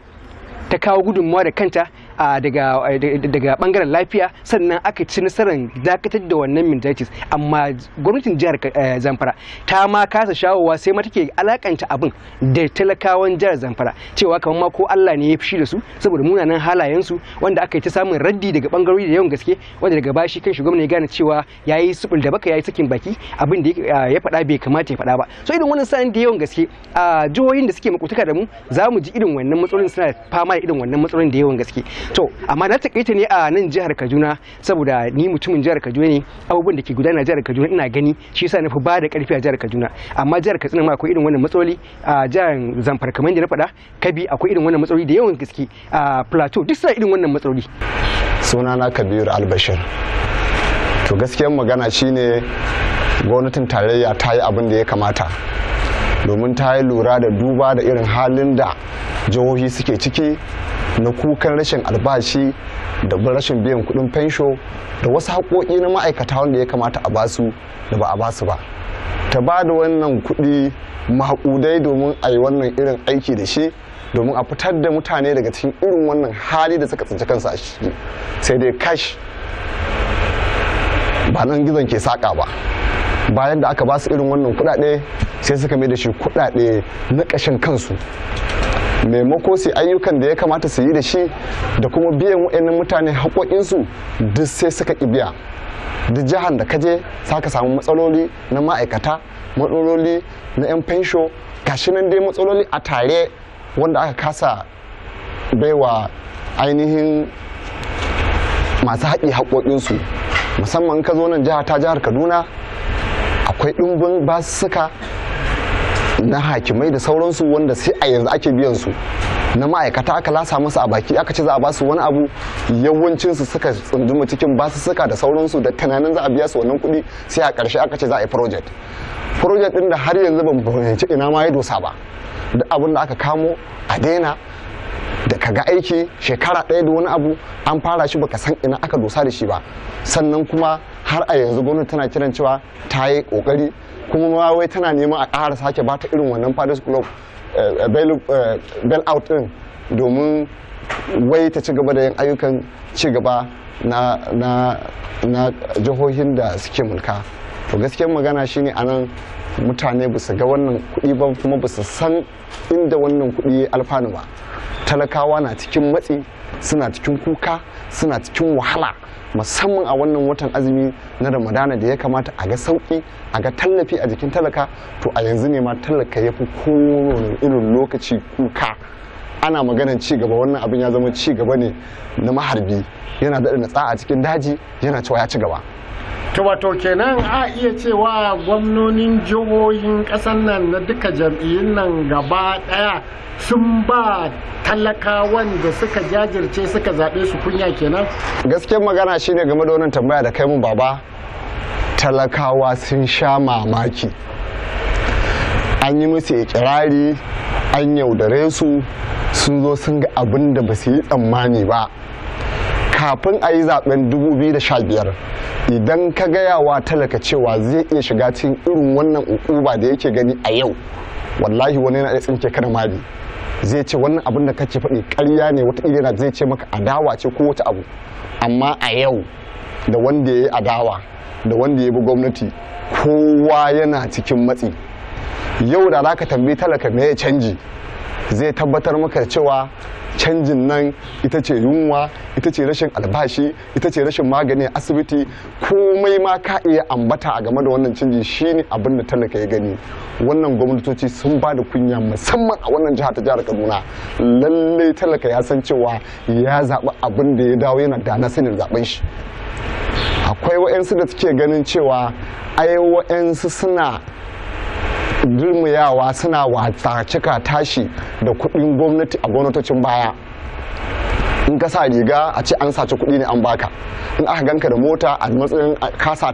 ta kawo gudunmawa da kanta daga bangaren lafiya sannan aka ci nasarar dakatar da wannan meningitis amma gwamnatin jihar eh, zamfara ta ma kasa shawowa sai ma take alakanta abin da talakawan jihar zamfara cewa kamar ma ko Allah ne ya fi shi da su saboda munanan halayensu wanda aka yi ta samun raddi daga bangarori da yawan gaske wanda daga bashi kan shugaban ya gane cewa ya yi subul da baka yi sakin baki abin da eh, ya faɗa bai kamata ya faɗa ba so irin wannan sanin da yawan gaske a jihohin da suke makutaka da mu za mu ji irin wannan matsalolin suna fama da irin wannan matsalolin da yawan gaske to amma na takaita ne a nan jihar kaduna saboda ni mutumin jihar kaduna ne abubuwan da ke gudana jihar kaduna ina gani shi yasa na fi ba da karfi a jihar kaduna amma jihar katsina ma akwai irin wannan matsaloli a jihar zamfara kamar yadda na faɗa kabi akwai irin wannan matsaloli da yawan gaske a plateau duk suna irin wannan matsaloli sunana kabir albashir to gaskiyar magana shine gwamnatin tarayya ta yi abin da ya kamata domin ta yi lura da duba da irin halin da jihohi suke ciki na kukan rashin albashi da rashin biyan kudin fensho da wasu haƙoƙi na ma'aikata wanda ya kamata a basu da ba a basu ba ta ba da wannan kuɗi maƙudai domin a yi wannan irin aiki da shi domin a fitar da mutane daga cikin irin wannan hali da suka tsinci kansu a ciki sai dai kash ba nan gizon ke saƙa ba bayan da aka ba su irin wannan kuɗaɗe sai suka mai da shi kuɗaɗe na ƙashin kansu maimako sai ayyukan da ya kamata su yi da shi da kuma biyan wa'annan mutane haƙoƙinsu duk sai suka ƙi biya duk jihar da kaje saka samu matsaloli na ma'aikata matsaloli na 'yan fensho gashi nan dai matsaloli a tare wanda aka kasa baiwa ainihin masu haƙi haƙoƙinsu musamman ka zo nan jihar ta jihar kaduna akwai ɗumbin suka na hakimai da sauransu wanda sai a yanzu ake biyan su na ma'aikata aka lasa musu a baki aka ce za a basu wani abu yawancin su suka tsunduma cikin basussuka da sauransu da tunanin za a biya su wannan kuɗi sai a ƙarshe aka ce za a yi project project din da har yanzu ban fahimci ina ma ya dosa ba da abin da aka kamo a daina da ka ga aiki shekara ɗaya da wani abu an fara shi baka san ina aka dosa da shi ba sannan kuma har a yanzu gwamnati tana kiran cewa ta yi kokari kuma wai tana neman a ƙara sake ba ta irin wannan fadis club eh, bail eh, out din domin wai ta ci gaba da yin ayyukan ci gaba na jihohin da suke mulka to gaskiyar magana shine anan mutane ba su ga wannan kuɗi ba kuma ba su san inda wannan kuɗi alfanu ba talakawa na cikin matsi suna cikin kuka suna cikin wahala musamman a wannan watan azumi na ramadana da ya kamata a ga sauki a ga tallafi a jikin talaka to a yanzu ne ma talaka ya fi kowane irin lokaci kuka ana maganar ci gaba wannan abin ya zama ci gaba ne na maharbi yana daɗa natsa a cikin daji yana cewa ya ci gaba to wato kenan a iya cewa gwamnonin jihohin kasan nan na duka jam'iyyun nan gaba ɗaya sun ba talakawan da suka jajirce suka zaɓe su kunya kenan gaskiyar magana shine game da wannan tambaya da kai mun baba talakawa sun sha mamaki an yi musu ikirari an yaudare su sun zo sun ga abin da ba su yi tsammani ba kafin a yi zaben 2015 idan ka gaya wa talaka cewa zai iya shiga cikin irin wannan ukuba da yake gani a yau wallahi wani yana tsinke kada mali zai ce wannan abin da kake faɗi ƙarya ne wata yana zai ce maka adawa ce ko wata abu amma a yau da wanda ya yi adawa da wanda ya bi gwamnati kowa yana cikin matsi yau da za ka tambayi talaka me ya canji zai tabbatar maka cewa canjin nan ita ce yunwa ita ce rashin albashi ita ce rashin magani a asibiti komai ma ka iya ambata a game da wannan canji shine abin da talaka ya gani wannan gwamnatoci sun ba da kunya musamman a wannan jiha ta jihar kaduna lalle talaka ya san cewa ya zaɓi abin da ya dawo yana da na sanin zaɓen shi akwai wa'yansu da suke ganin cewa ai wa'yansu suna girmayawa suna watsa cika tashi da kuɗin gwamnati a gwamnatocin baya in ka sa riga a ce an saci kuɗi ne an baka in aka ganka da mota a matsayin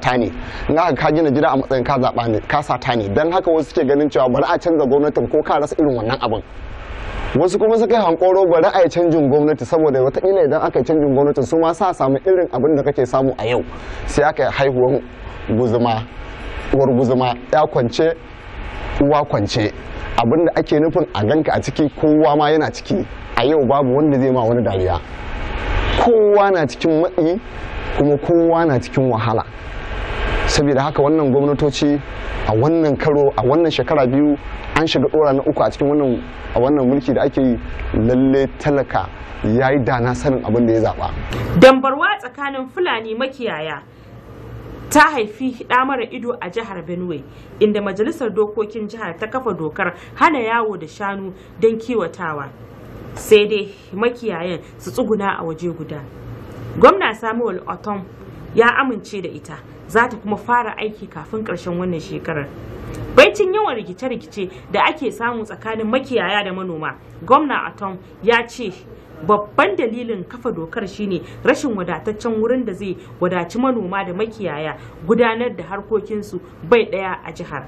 ta ne in aka ka gina gida a matsayin ka zaɓa ne ta ne don haka wasu suke ganin cewa bari a canza gwamnatin ko ka rasa irin wannan abin wasu kuma suka yi hankoro bari a yi canjin gwamnati saboda wata ina idan aka yi canjin gwamnati su ma sa samu irin abin da kake samu a yau sai aka haihuwan guzuma guzuma ya kwance kowa kwance abinda ake nufin a ganka a ciki kowa ma yana ciki a yau babu wanda zai ma wani dariya kowa na cikin matsi kuma kowa na cikin wahala saboda haka wannan gwamnatoci a wannan karo a wannan shekara biyu an shiga dora na uku a cikin wannan mulki da ake lalle talaka ya yi dana sanin abin da ya zaba dambarwa tsakanin fulani makiyaya ta haifi ɗa mara ido a jihar benue inda majalisar dokokin jihar ta kafa dokar hana yawo da shanu don kiwatawa sai dai makiyayan su tsuguna a waje guda gwamna samuel otom ya amince da ita za ta kuma fara aiki kafin ƙarshen wannan shekarar baicin yawan rikice-rikice da ake samu tsakanin makiyaya da manoma gwamna atom ya ce babban dalilin kafa dokar shine rashin wadataccen wurin da zai wadaci manoma da makiyaya gudanar da harkokinsu bai daya a jihar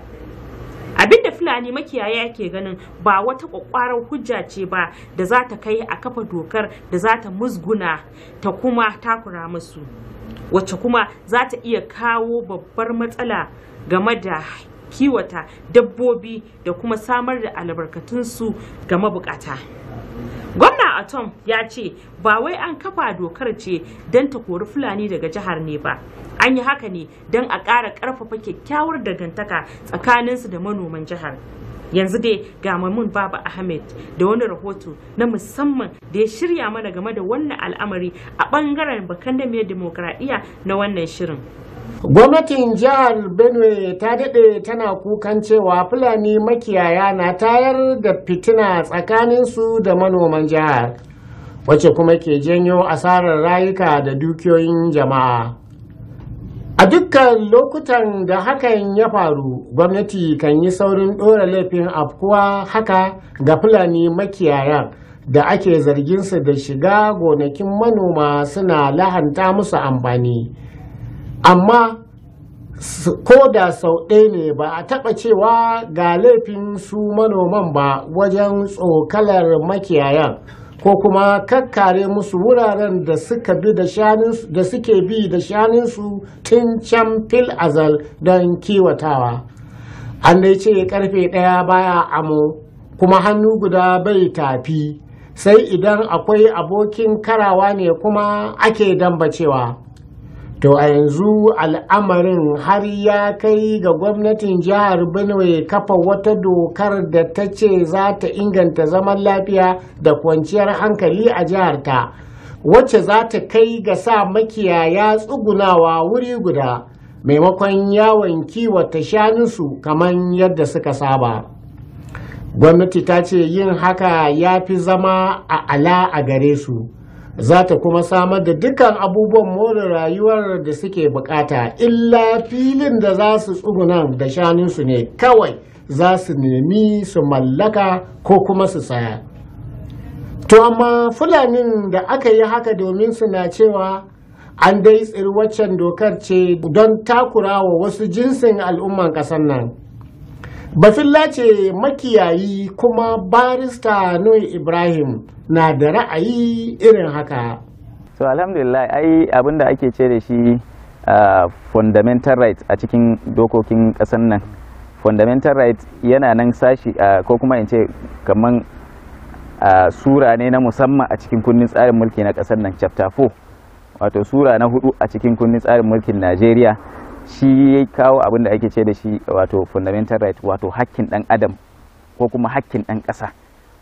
abinda fulani makiyaya ke ganin ba wata kwakwarar hujja ce ba da za ta kai a kafa dokar da za ta musguna ta kuma takura musu wacce kuma za ta iya kawo babbar matsala game da kiwata dabbobi da kuma samar da albarkatunsu ga mabukata. gwamna atom ya ce ba wai an kafa dokar ce don ta kori fulani daga jihar ne ba an yi haka ne don a ƙara ƙarfafa kyakkyawar dangantaka tsakaninsu da manoman jihar yanzu dai ga mamun baba ahmed da wani rahoto na musamman da ya shirya mana game da wannan al'amari a ɓangaren bakan da mai na wannan shirin gwamnatin jihar benue ta daɗe tana kukan cewa fulani makiyaya na tayar da fitina su da manoman jihar wacce kuma ke janyo asarar rayuka da dukiyoyin jama'a a dukkan lokutan da hakan ya faru gwamnati kan yi saurin ɗora laifin afkuwa haka ga fulani makiyaya da ake zarginsu da shiga gonakin manoma suna lahanta musu amfani. amma ko da sau ɗaya ne ba a taɓa cewa ga laifin su manoman ba wajen tsokalar makiyayan ko kuma kakkare musu wuraren da suke bi da shaninsu tun can fil azal don kiwatawa an dai ce karfe ɗaya baya amo kuma hannu guda bai tafi sai idan akwai abokin karawa ne kuma ake dambacewa. to a yanzu al'amarin har ya kai ga gwamnatin jihar benue kafa wata dokar da ta ce za ta inganta zaman lafiya da kwanciyar hankali a jihar ta wacce za ta kai ga sa makiyaya tsugunawa wuri guda maimakon yawon kiwata shanunsu kamar yadda suka saba gwamnati ta ce yin haka ya fi zama a ala a gare su za ta kuma samar da dukkan abubuwan more rayuwar da suke bukata illa filin da za su nan da shanunsu ne kawai za su nemi su mallaka ko kuma su saya to amma fulanin da aka yi haka domin suna cewa an dai tsiri waccan dokar ce don takura wa wasu jinsin al'umman ƙasar nan bafilla ce makiyayi kuma barista nui ibrahim na da ra'ayi irin haka so alhamdulillah ai abin da ake ce da shi uh, fundamental right a cikin dokokin ƙasar nan fundamental right yana nan sashi uh, ko kuma in ce kamar uh, sura ne na musamman a cikin kundin tsarin mulki na ƙasar nan chapter 4 wato sura na hudu a cikin kundin tsarin mulkin najeriya shi ya kawo abin da ake ce da shi wato fundamental right wato hakkin dan adam ko kuma hakkin dan ƙasa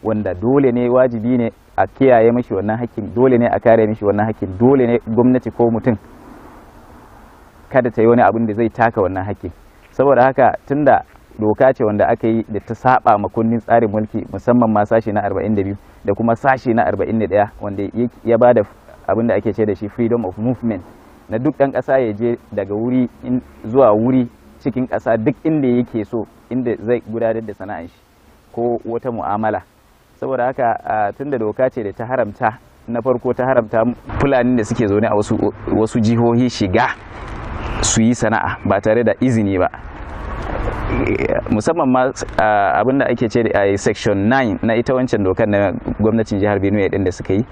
wanda dole ne wajibi ne a kiyaye mashi wannan hakkin dole ne a kare mashi wannan hakkin dole ne gwamnati ko mutum kada ta yi wani abin da zai taka wannan hakkin saboda haka tunda doka ce wanda aka yi da ta saba ma kundin tsarin mulki musamman ma sashi na 42 da kuma sashi na 41 wanda ya ba da abin da ake ce da shi freedom of movement na duk ɗan ƙasa ya je daga wuri zuwa wuri cikin ƙasa duk inda yake so inda zai gudanar da sana'ar shi ko wata mu'amala saboda haka tunda da doka ce da ta haramta na farko ta haramta fulani da suke zaune a wasu jihohi shiga su yi sana'a ba tare da izini ba musamman ma abin da ake ce a section 9 na ita wancan dokar na gwamnatin jihar benue din da suka yi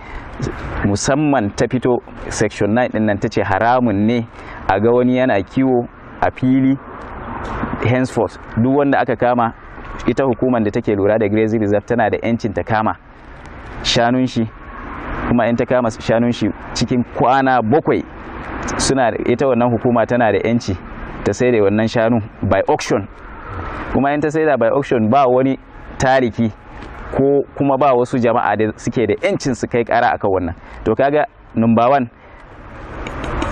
musamman ta fito section 9 din nan ta ce haramun ne a ga wani yana kiwo a fili henceforth duk wanda aka kama ita hukumar da take lura da grazing reserve tana da 'yancin ta kama shanun shi kuma in ta kama shanun shi cikin kwana bakwai suna ita wannan hukuma tana da 'yanci ta sai da wannan shanu by auction kuma in ta da by auction ba wani tariki ko kuma ba wasu jama'a da suke da yancin su kai kara akan wannan to kaga number one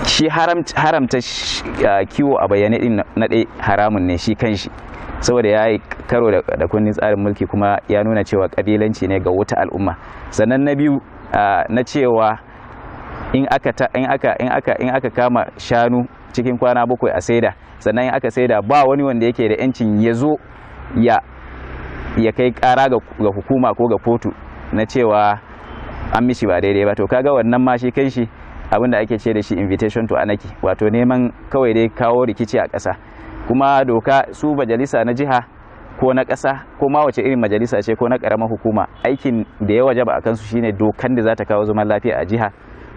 shi haramta uh, kiwo a bayyane din na ɗaya haramun ne shi kanshi saboda ya yi karo da kundin tsarin mulki kuma ya nuna cewa kabilanci ne ga wata al'umma sannan na biyu uh, na cewa in aka kama shanu cikin kwana bakwai a saida sannan in aka saida ba wani wanda yake da yancin ya zo ya kai kara ga hukuma ko ga kotu na cewa an mishi ba daidai ba to kaga wannan ma shi kai shi abinda ake ce da shi invitation to anaki wato neman kawai dai kawo rikici a ƙasa kuma doka su majalisa na jiha ko na ƙasa ko ma wace irin majalisa ce ko na ƙaramar hukuma aikin da ya wajaba a kansu shine dokan da za ta kawo zaman lafiya a jiha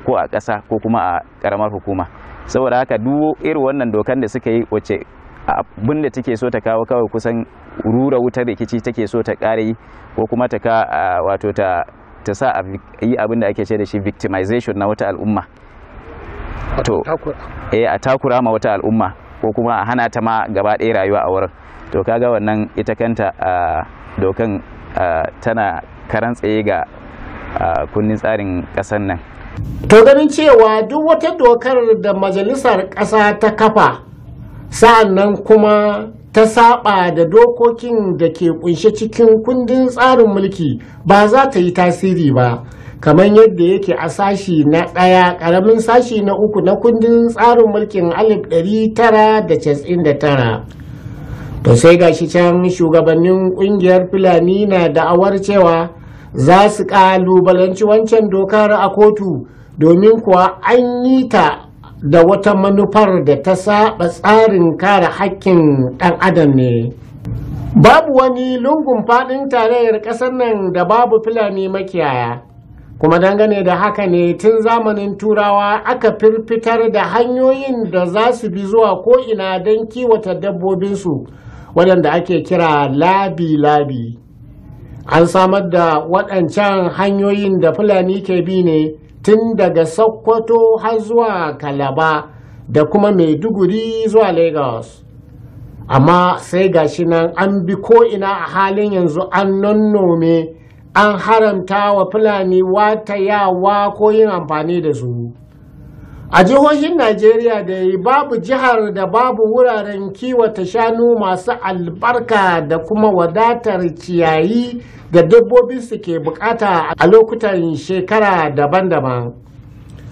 ko a ƙasa ko kuma a ƙaramar hukuma saboda haka duk irin wannan dokan da suka yi wace abin da take so ta kawo kawai kusan rura wutar rikici take so ta kare ko kuma ta ka wato ta ta sa yi abin da ake ce da shi victimization na wata al'umma to eh a takura ma wata al'umma ko kuma a hana ta ma gaba ɗaya rayuwa a wurin to kaga wannan ita kanta a dokan tana karan tsaye ga kunnin tsarin ƙasar nan to ganin cewa duk wata dokar da majalisar ƙasa ta kafa sa'annan kuma ta saba da dokokin da ke kunshe cikin kundin tsarin mulki ba za ta yi tasiri ba kamar yadda yake a sashi na ɗaya ƙaramin sashi na uku na kundin tsarin mulkin 1999 to sai gashi can shugabannin ƙungiyar fulani na da'awar cewa za su kalubalanci wancan dokar a kotu domin kuwa an yi ta da wata manufar da ta saba tsarin kare hakkin ɗan adam ne babu wani lungun faɗin tarayyar ƙasar nan da babu fulani makiyaya kuma dangane da haka ne tun zamanin turawa aka firfitar da hanyoyin da za su bi zuwa ko'ina don kiwata dabbobinsu waɗanda ake kira labi-labi an samar da waɗancan hanyoyin da fulani ke bi ne tun daga sokoto har zuwa kalaba da kuma maiduguri zuwa lagos amma sai gashi nan an bi ko'ina a halin yanzu an nonnome an haramta wa fulani watayawa ko yin amfani da su a jihohin najeriya da yi, babu jihar da babu wuraren kiwata shanu masu albarka da kuma wadatar ciyayi da dabbobi su ke bukata a lokutan shekara daban-daban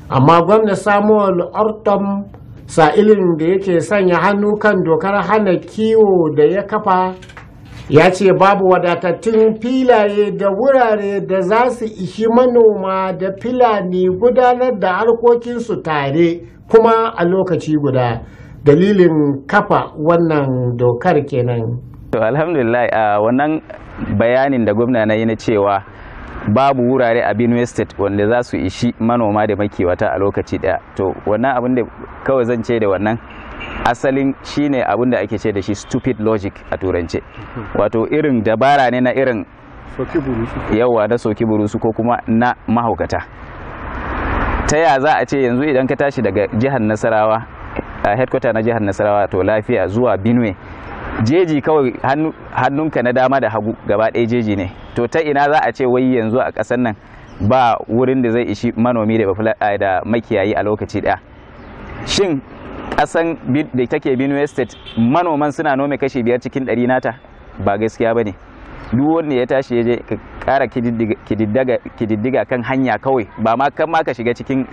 amma gwamna samuel ortom sa'ilin da yake sanya hannu kan dokar hana kiwo da ya kafa ya ce babu wadatattun filaye da wurare da za su ishi manoma da filani gudanar da harkokinsu tare kuma a lokaci guda dalilin kafa wannan dokar kenan to alhamdulillah a wannan bayanin da gwamna na yi na cewa babu wurare a benue state wanda za su ishi manoma da makiwata a lokaci daya to wannan abin da kawai zan ce da wannan asalin shine abin da ake ce da shi stupid logic a turance wato irin dabara ne na irin yawa da soki burusu ko kuma na mahaukata ta ya za a ce yanzu idan ka tashi daga jihar nasarawa a headquarter na jihar nasarawa to lafiya zuwa benue jeji kawai hannunka na dama da hagu gaba ɗaya jeji ne to ta ina za a ce wai yanzu a ƙasar nan ba wurin da zai ishi manomi da makiyayi a lokaci ɗaya shin kasan da take Benue State manoman suna nome kashi biyar cikin ɗari nata ba gaskiya ba ne duk wanda ya tashi ya je ka kara kididdiga kan hanya kawai ba ma kan ma ka shiga cikin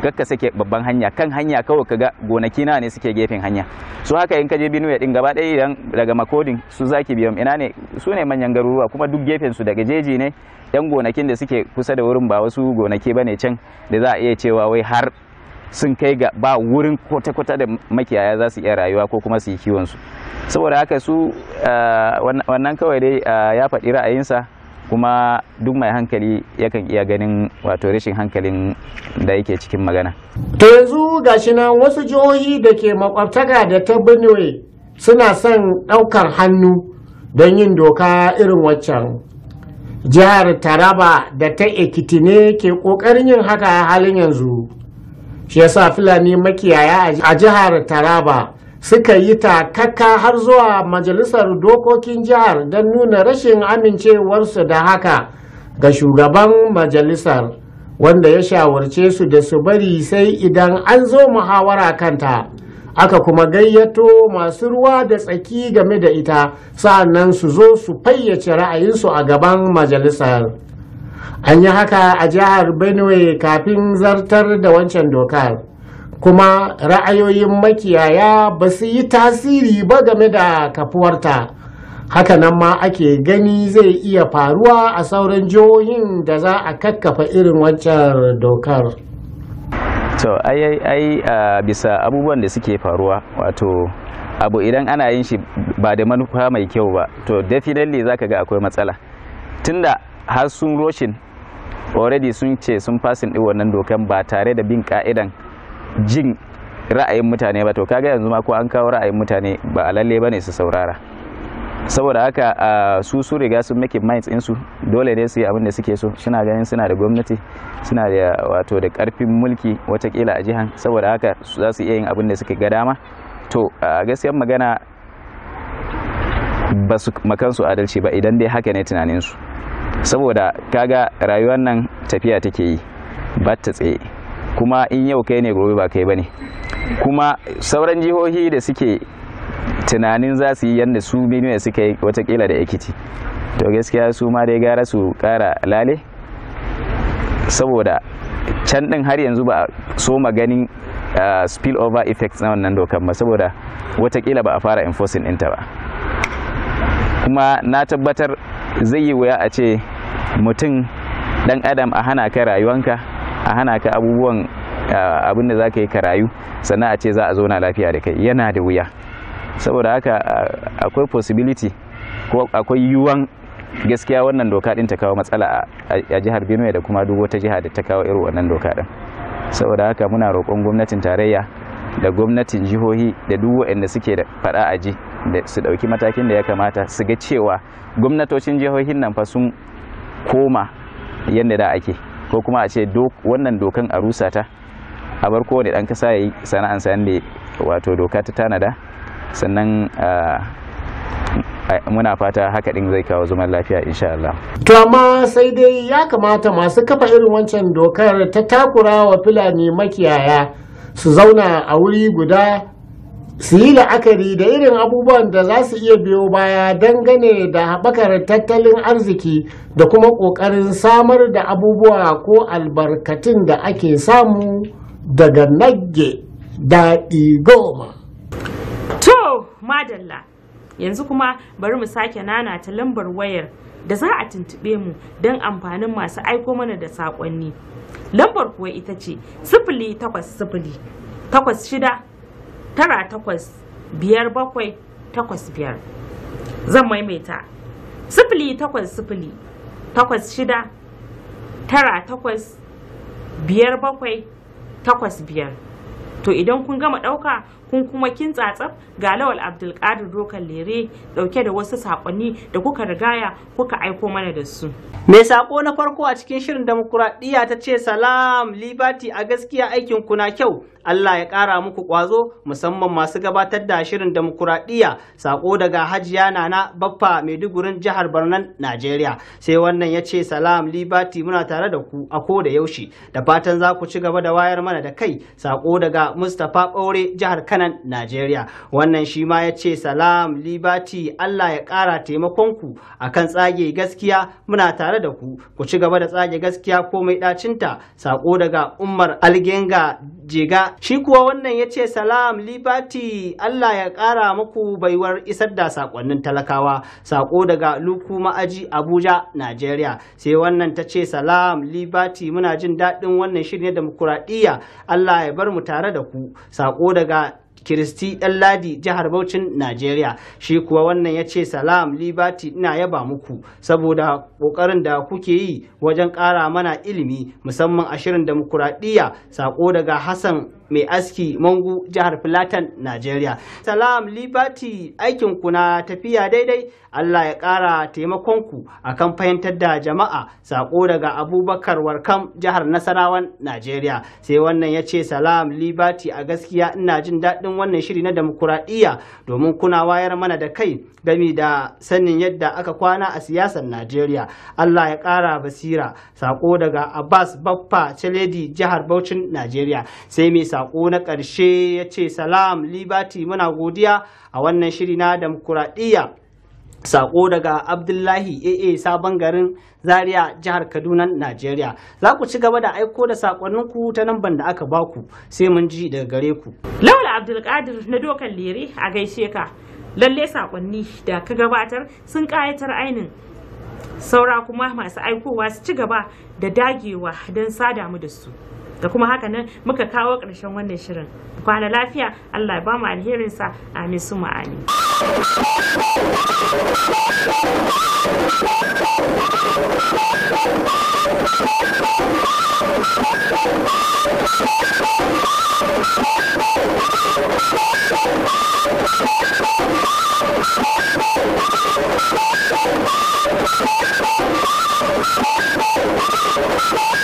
kakka sake babban hanya kan hanya kawai kaga gonaki nawa ne suke gefen hanya su haka in ka je Benue din gaba ɗaya idan daga Makodin su zaki biyan ina ne su ne manyan garuruwa kuma duk gefen su daga jeji ne yan gonakin da suke kusa da wurin ba wasu gonaki ba ne can da za a iya cewa wai har sun kai ga ba wurin kwata-kwata da makiyaya za su iya rayuwa ko kuma su yi kiwon saboda haka su eh, wannan kawai dai eh, ya faɗi ra'ayinsa kuma duk mai hankali yakan iya ganin wato rashin hankalin da yake cikin magana. To yanzu gashi nan wasu jihohi da ke makwabtaka da ta Benue suna son ɗaukar hannu don yin doka irin waccan. Jihar Taraba da ta Ekiti ne ke ƙoƙarin yin haka halin yanzu. shi yasa fulani makiyaya a jihar taraba suka yi takaka har zuwa majalisar dokokin jihar don nuna rashin amincewarsu da haka ga shugaban majalisar wanda ya shawarce su da su bari sai idan an zo muhawara kanta aka kuma gayyato masu ruwa da tsaki game da ita sa'annan su zo su fayyace ra'ayinsu a gaban majalisar an yi haka a jihar benue kafin zartar da wancan dokar kuma ra'ayoyin makiyaya ba su yi tasiri ba game da kafuwarta hakanan ma ake gani zai iya faruwa a sauran jihohin da za a kakkafa irin wancan dokar to ai ai bisa abubuwan da suke faruwa wato abu idan ana yin shi ba da manufa mai kyau ba to definitely zaka ga akwai matsala tunda har sun roshin already sun ce sun fasin ɗin wannan dokan ba tare da bin ka'idan jin ra'ayin mutane ba to kaga yanzu ma ko an kawo ra'ayin mutane ba a lalle ba ne su saurara saboda haka su su riga sun make minds insu dole ne su yi abin da suke so suna ganin suna da gwamnati suna da wato da karfin mulki watakila a jihan saboda haka za su iya yin abin da suke ga dama to a gaskiyar magana ba su makansu adalci ba idan dai haka ne tunaninsu saboda kaga rayuwar nan tafiya take yi ba ta tsaye kuma in yau kai ne gobe ba kai bane kuma sauran jihohi da suke tunanin za su yi yadda su benue suka yi watakila da ekiti to gaskiya su ma dai gara su kara lale saboda can din har yanzu ba so maganin ah, spill over effects na wannan dokan ba saboda watakila ba a fara enforcing ta ba kuma na tabbatar zai yi wuya a ce mutum dan adam a hana ka rayuwanka a hana ka abubuwan abin da za ka yi ka rayu sannan a ce za a na lafiya da kai yana da wuya saboda haka akwai possibility ko akwai yiwuwan gaskiya wannan doka din ta kawo matsala a jihar benue da kuma duk wata jiha da ta kawo irin wannan doka din saboda haka muna roƙon gwamnatin tarayya da gwamnatin jihohi da duk waɗanda suke da faɗa a ji su ɗauki matakin da ya kamata su ga cewa gwamnatocin jihohin nan fa sun koma yadda da ake ko kuma a ce wannan dokan a rusa ta a bar kowane ɗan kasa ya yi sana'an sayan da wato doka ta tanada sannan ah, muna fata haka din zai kawo zaman lafiya insha Allah. To amma sai dai ya kamata masu kafa irin wancan dokar ta takura wa Fulani makiyaya su zauna a wuri guda su yi la'akari da irin abubuwan da za su iya biyo baya dangane da haɓakar tattalin arziki da kuma ƙoƙarin samar da abubuwa ko albarkatun da ake samu daga nagge, daɗi goma. To, madalla, yanzu kuma bari mu sake nana ta lambar wayar da za a tuntuɓe mu don amfanin masu aiko mana da saƙonni. Lambar kuwa ita ce sifili takwas sifili takwas shida tara takwas biyar bakwai takwas biyar zan maimaita sifili takwas sifili takwas shida tara takwas biyar bakwai takwas biyar to idan kun gama ɗauka kun kuma kin tsatsaf ga lawal abdulkadir rokan lere ɗauke da wasu saƙonni da kuka rigaya kuka aiko mana da su mai saƙo na farko a cikin shirin demokuraɗiyya ta ce salam liberty a gaskiya aikin na kyau Allah ya ƙara muku ƙwazo musamman masu gabatar da shirin demokuraɗiyya sako daga hajiya na na baffa maidugurin jihar barnan najeriya sai wannan ya ce salam liberty muna tare da ku a ko da yaushe da fatan za ku ci gaba da wayar mana da kai saƙo daga mustapha ɓaure jihar kanan najeriya wannan shi ma ya ce salam liberty allah ya ƙara taimakon ku kan tsage gaskiya muna tare da ku ku ci gaba da tsage gaskiya komai ɗacinta saƙo daga umar algenga jega shi kuwa wannan ya ce salam liberty allah ya ƙara muku baiwar isar da sakonnin talakawa saƙo daga luku ma'aji abuja nigeria sai wannan ta ce salam liberty muna jin daɗin wannan shirin demokuraɗiyya allah ya bar mu tare da ku sako daga kiristi ɗan ladi jihar Bauchin Najeriya shi kuwa wannan ya ce salam liberty ina yaba muku saboda ƙoƙarin da kuke yi wajen ƙara mana ilimi musamman a shirin demokuraɗiyya sako daga Hassan mai aski mangu jihar Filatan Najeriya. Salam Liberty aikin ku na tafiya daidai Allah ya kara taimakon ku akan fahimtar da jama'a sako daga Abubakar Warkam jihar Nasarawan Najeriya. Sai wannan ya ce Salam Liberty a gaskiya ina jin daɗin wannan shiri na demokuraɗiyya domin kuna wayar mana da kai gami da sanin yadda aka kwana a siyasar Najeriya. Allah ya kara basira sako daga Abbas Baffa Celedi jihar Bauchin Najeriya. Sai mai sako na ƙarshe ya ce salam liberty muna godiya a wannan shiri na demokuraɗiyya sako daga abdullahi aa sabon garin zaria jihar kaduna najeriya za ku ci gaba da aiko da ku ta nan da aka baku sai mun ji daga gare ku laula abdulkadir na dokan lere a gaishe ka lalle sakonni da ka gabatar sun kayatar ainin saura kuma masu aikowa su ci gaba da dagewa don sada mu da su da kuma haka nan muka kawo ƙarshen wannan shirin kwana lafiya Allah ya ba mu alherinsa amin su mu